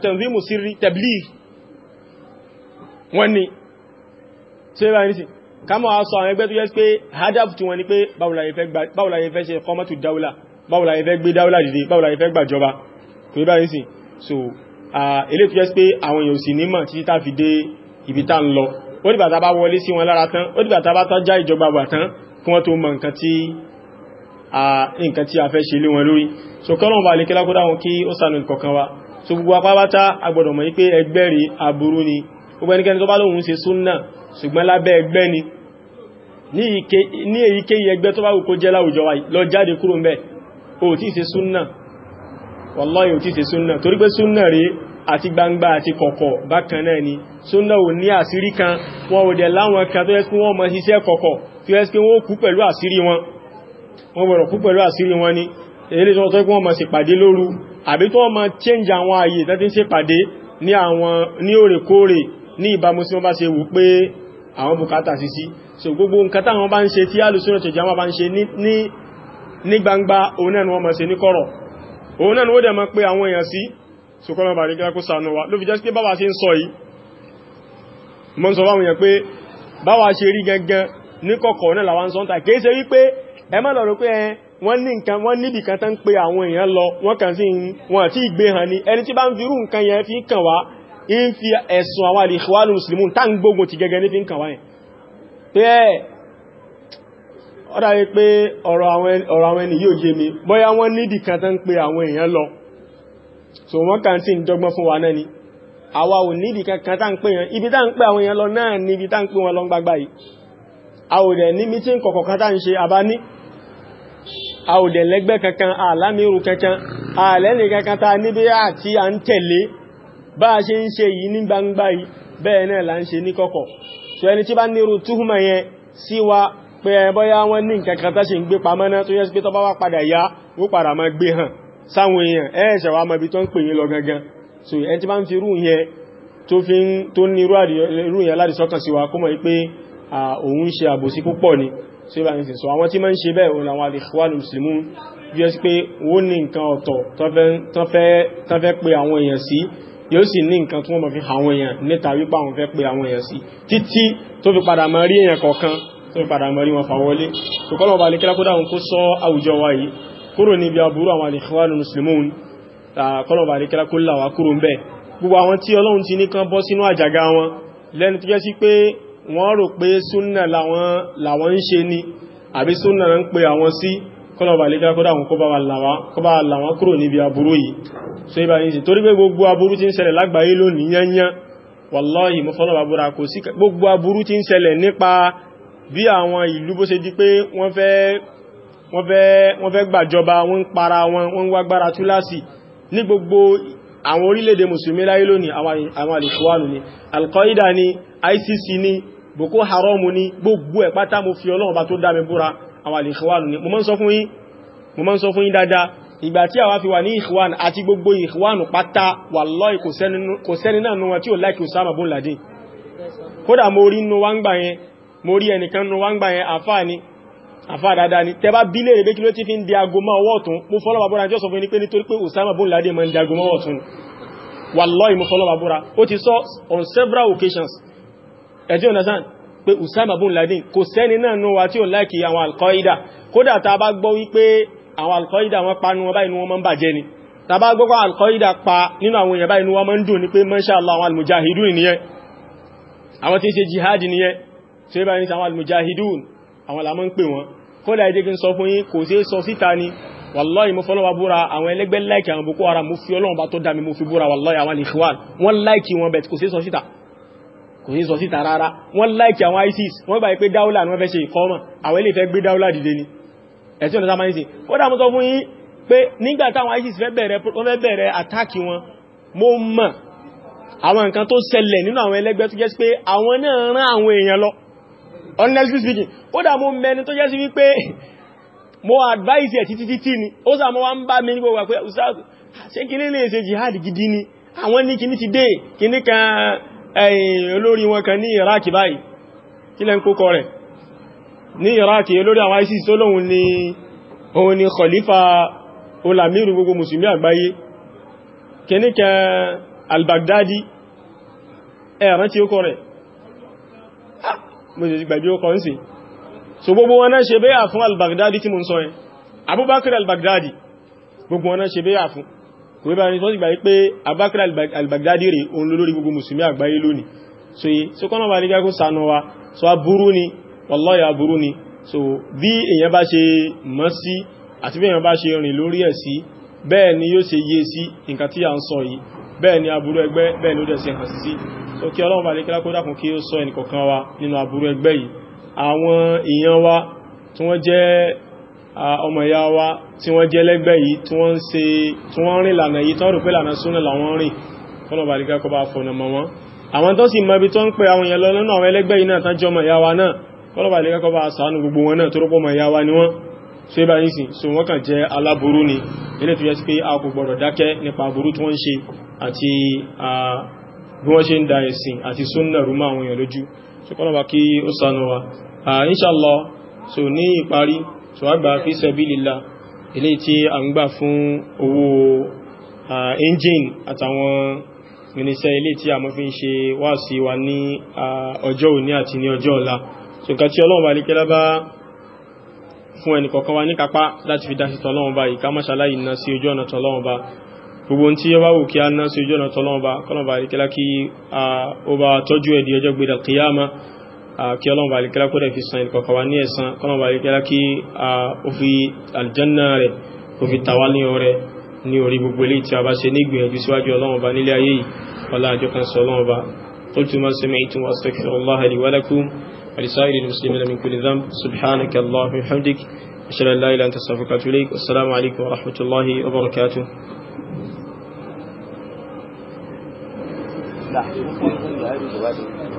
tẹ̀nzímù sírí tẹ̀blígì wọ́n ni ṣe bá ní sí kama wá sọ àwọn ẹgbẹ́ tó yẹ pé hadaf tí wọ́n ni pé báwòlà yẹ fẹ́ ṣe kọmọ́tù dáúlà báwòlà yẹ fẹ́ gbé dáúlà dìde báwòlà yẹ so ilé tó yẹ pé àwọn èèyàn sì nímọ̀ títí tá fi dé ibi tá ń lọ ó dìgbà tá bá wọlé sí wọn nǹkan tí a fẹ́ ṣe lé wọn lórí so kọ́lọ̀wọ̀n bá lè kí lákúdá wọn kí ó sànù kọ̀kan wa so gbogbo apábátá agbọ̀dọ̀ mọ̀ wípé ẹgbẹ́ rí aburú ni gbogbo ẹnikẹ́ni tó bá lóhun ṣe súnnà ṣùgbọ́n lábẹ́ ẹgbẹ́ ni ní èyíkéyìí ẹgbẹ́ tó bá wù kó jẹ́ láwùjọ wa lọ jáde kúrò ń bẹ̀ o tí ṣe súnnà wallahi o tí ṣe súnnà torí pé súnnà rí àti gbangba àti kọ̀kọ̀ bákan náà ni súnnà ò ní wọ́n gbọ́dọ̀ kú pẹ̀lú àṣírí wọn ni èyí tó tọ́ pé wọ́n máa ṣe pàdé lóru àbí tó wọ́n máa change àwọn ààyè tó ti ń ṣe pàdé ní àwọn ní òrèkóòrè ní ìbámu sí wọ́n bá ṣe wù pé àwọn bùkátà sí so gbogbo nǹkan táwọn bá ń ṣe tí ni wọ́n máa ṣe ní ni wọ́n dẹ̀ máa pé àwọn èèyàn sí so kọ́nà bàrí gíra wa ló fi jẹ́ pé báwa ṣe ń sọ yìí mọ́ ń sọ báwọn èèyàn pé báwa ṣe rí gangan ní ẹ má lọ rò pé wọ́n ní nǹkan wọ́n níbì kan tán pé àwọn èèyàn lọ wọ́n kàn sí wọn àti ìgbé hàn ní ẹni tí bá ń firú nǹkan yẹn fi ń kàn wá ń fi ẹ̀sùn àwọn àlìṣíwálù mùsùlùmù tá ń gbógun ti gẹ́gẹ́ ní fi ń kàn wá yẹn so wọ́n kàn sí ìjọgbọ́n fún wa náà ni àwa ò nídì kankan tá ń pè yẹn ibi tá ń pè àwọn èèyàn lọ náà ni ibi tá ń pè a ò dẹ̀ ní mítí tá ń ṣe àbá ní a ò dẹ̀ lẹ́gbẹ́ kankan àlámírù kankan àlẹ́ni kankan ta níbi àti à ń tẹ̀lé bá a ṣe ń ṣe yìí ní gbangba yìí bẹ́ẹ̀ náà là ń ṣe ní kọ̀kọ̀ so ẹni tí bá nírú túhùmọ̀ yẹn sí wa pé ẹbọ́yá wọn ní nǹkan kan tá ṣe ń gbé pamọ́ náà tó yẹ sí pé tọ́ wá padà yá ó padà máa gbé hàn sáwọn èèyàn ẹ̀ẹ́ṣẹ̀ wa mọ̀ ibi tó ń pè yín lọ gangan so ẹni tí bá ń fi irú yẹn tó fi ń tó ní irú yẹn láti sọ́kàn sí wa kó mọ̀ pé òun ṣe àbòsí púpọ̀ ni so ibà ní sọ àwọn tí ma ń ṣe bẹ́ẹ̀ òun àwọn al-Ikhwanul Muslimun yóò sí pé ó ní nǹkan ọ̀tọ̀ tán fẹ́ pé àwọn èèyàn sí yóò sì ní nǹkan tí wọ́n mọ̀ fi àwọn èèyàn níta wípé àwọn fẹ́ pé àwọn èèyàn sí títí tó fi padà mọ́ rí èèyàn kọ̀ọ̀kan tó fi padà mọ́ rí wọn fàwọlé tó kọ́lọ̀ bá lè kílá kó tí Ọlọ́run sí pé wọ́n rò pé súnnà làwọn ń ṣe ní àbí súnnà ń pè àwọn sí kọlọ̀bà lè kọ́dá àwọn kọba làwọn kúrò níbi aburú yìí so ibà yìí sí torí pé gbogbo aburú tí ń ṣẹlẹ̀ lágbàáyé lónìí yányá wàláhì mo fọ́lọ̀bà búra kò sí gbogbo aburú tí ń ṣẹlẹ̀ nípa bí àwọn ìlú bó àwọn orílẹ̀-èdè musulmi láyé lónìí àwọn alìṣòwánù ni alqaida ni ICC ni boko haram ni gbogbo ẹ̀ pátá mo fi ọlọ́run bá tó dá mi búra àwọn alìṣòwánù ni mo máa ń sọ fún yín mo máa ń sọ fún yín dáadáa ìgbà tí àwa fi wà ní ìṣòwánù àti gbogbo ìṣòwánù pátá wallahi kò Usama bin Laden kódà mo rí nù wá ń gbà àfá dáadáa ni tẹba bílẹ̀ rẹ̀ pé kí ló ti fi ń di aago máa ọwọ́ ọ̀tún mú fọ́lọ́bà búra jọ́sọ fún ní pé nítorí pé Usama bun Laden ma ń di aago máa ọ̀tún wallahi mú fọ́lọ́bà ó ti sọ on several occasions ẹ̀tí understand pé Usama bun Laden kò sẹ́ni náà nú wa tí ó láìkì àwọn Al-Qaeda kódà ta bá gbọ́ wípé àwọn Al-Qaeda wọn pa nu wọn ni ta bá gbọ́ Al-Qaeda masha Allah àwọn mujahidun nìyẹn àwọn tí ń jihad nìyẹn tí ó bá ní mujahidun àwọn làmọ́ ń pè wọn kódà ẹjẹ́ kí n sọ fún yín kò sí sọ síta ni wàláì mo fọlọ́wà búra àwọn ẹlẹ́gbẹ́ láìkì àwọn boko haram mo fi ọlọ́run bá tó dá mi mo fi búra wàláì àwọn alìṣíwàn wọ́n láìkì wọn bẹ̀t kò sí sọ síta kò sí sọ ni wọ́n fẹ́ ṣe ìkọ́mọ̀ àwọn ilé fẹ́ gbé dáúlà dìde ni ẹ̀sìn ọ̀nà sáma nísìn kódà mo sọ fún yín pé nígbà táwọn ISIS fẹ́ honestly speaking ó dà mú mẹni tó jẹ́ sí wípé mo advice ẹ̀ títí títí ni ó sà mọ́ wá ń bá mi ní gbogbo pé ṣe kí nílé ṣe jihad gidi ni àwọn ní kíní ti dé kíní kan olórí wọn kan ní Iraq báyìí kí lẹ́ ń kókọ rẹ̀ ní Iraq olórí àwọn ISIS tó lóhun ni òun ni khalifa olamiru gbogbo mùsùlùmí àgbáyé kíní kan al-Baghdadi ẹ̀rántí ó kọ rẹ̀ mo sì gbàgbé ó kàn sí so gbogbo al-Baghdadi tí mo ń sọ al-Baghdadi gbogbo wọn náà ṣe bẹ́yà fún kò wípé àwọn ìsọ́sìgbà al-Baghdadi rè òun lórí gbogbo mùsùlùmí àgbáyé lónìí so yí wa so aburú ni wallahi aburú ni so bí èyàn bá ṣe mọ́ sí àti bí èyàn bá ṣe rìn lórí ẹ̀ sí bẹ́ẹ̀ ni yóò ṣe yé sí nǹkan tí à ń sọ yìí bẹ́ẹ̀ ni aburú ẹgbẹ́ bẹ́ẹ̀ ló dẹ̀ ṣe hàn sí so kí ọlọ́run bá lè kí lákódàkùn kí ó sọ ẹnìkọ̀kan wa nínú aburú ẹgbẹ́ yìí àwọn èèyàn wa tí wọ́n jẹ́ ọmọ ìyá wa tí wọ́n jẹ́ lẹ́gbẹ́ yìí tí wọ́n ṣe tí wọ́n rìn lànà yìí tọ́rù pé lànà súnà làwọn rìn ọlọ́run bá lè kí lákódà fọ̀nà mọ́ wọn àwọn tó sì mọ ibi tó ń pe àwọn èèyàn lọ nínú àwọn ẹlẹ́gbẹ́ yìí náà tán ni wọ́n so ibà yìí so wọ́n ni ilé tó yẹ sí pé a àti bí wọ́n ṣe ń da ẹ̀sìn àti súnnà rúmọ́ àwọn èèyàn lójú so kọ́nà bá kí ó sànà wa so ní ìparí so a gbà fi sabilillah ilé tí a ń gbà fún owó engine àtàwọn irinṣẹ́ ilé tí a mọ́ fi ń ṣe wáàsí wa ní ọjọ́ òní àti ní ọjọ́ ọ̀la so nǹkan tí ọlọ́run bá lè kẹ́lá bá fún ẹnìkọ̀ọ̀kan wa ní kápá láti fi dá sí tọ́lọ́run bá yìí ká máṣàlá ìná sí ojú ọ̀nà tọ́lọ́run bá gbogbo tí ó bá wù kí a ná sí ojú ọ̀nà tọ́lọ́ọ̀bá kọ́lọ̀bá àríkẹ́lá kí ó bá tọ́jú ẹ̀dì ọjọ́ gbé dàkíyàmá kí ọlọ́ọ̀bá àríkẹ́lá kó dẹ̀ fi san ìkọ̀kọ̀ wa ní ẹ̀san kọ́lọ̀bá àríkẹ́lá kí ó fi aljanna rẹ̀ ó fi ní ọrẹ لا يكون هذه الوالدة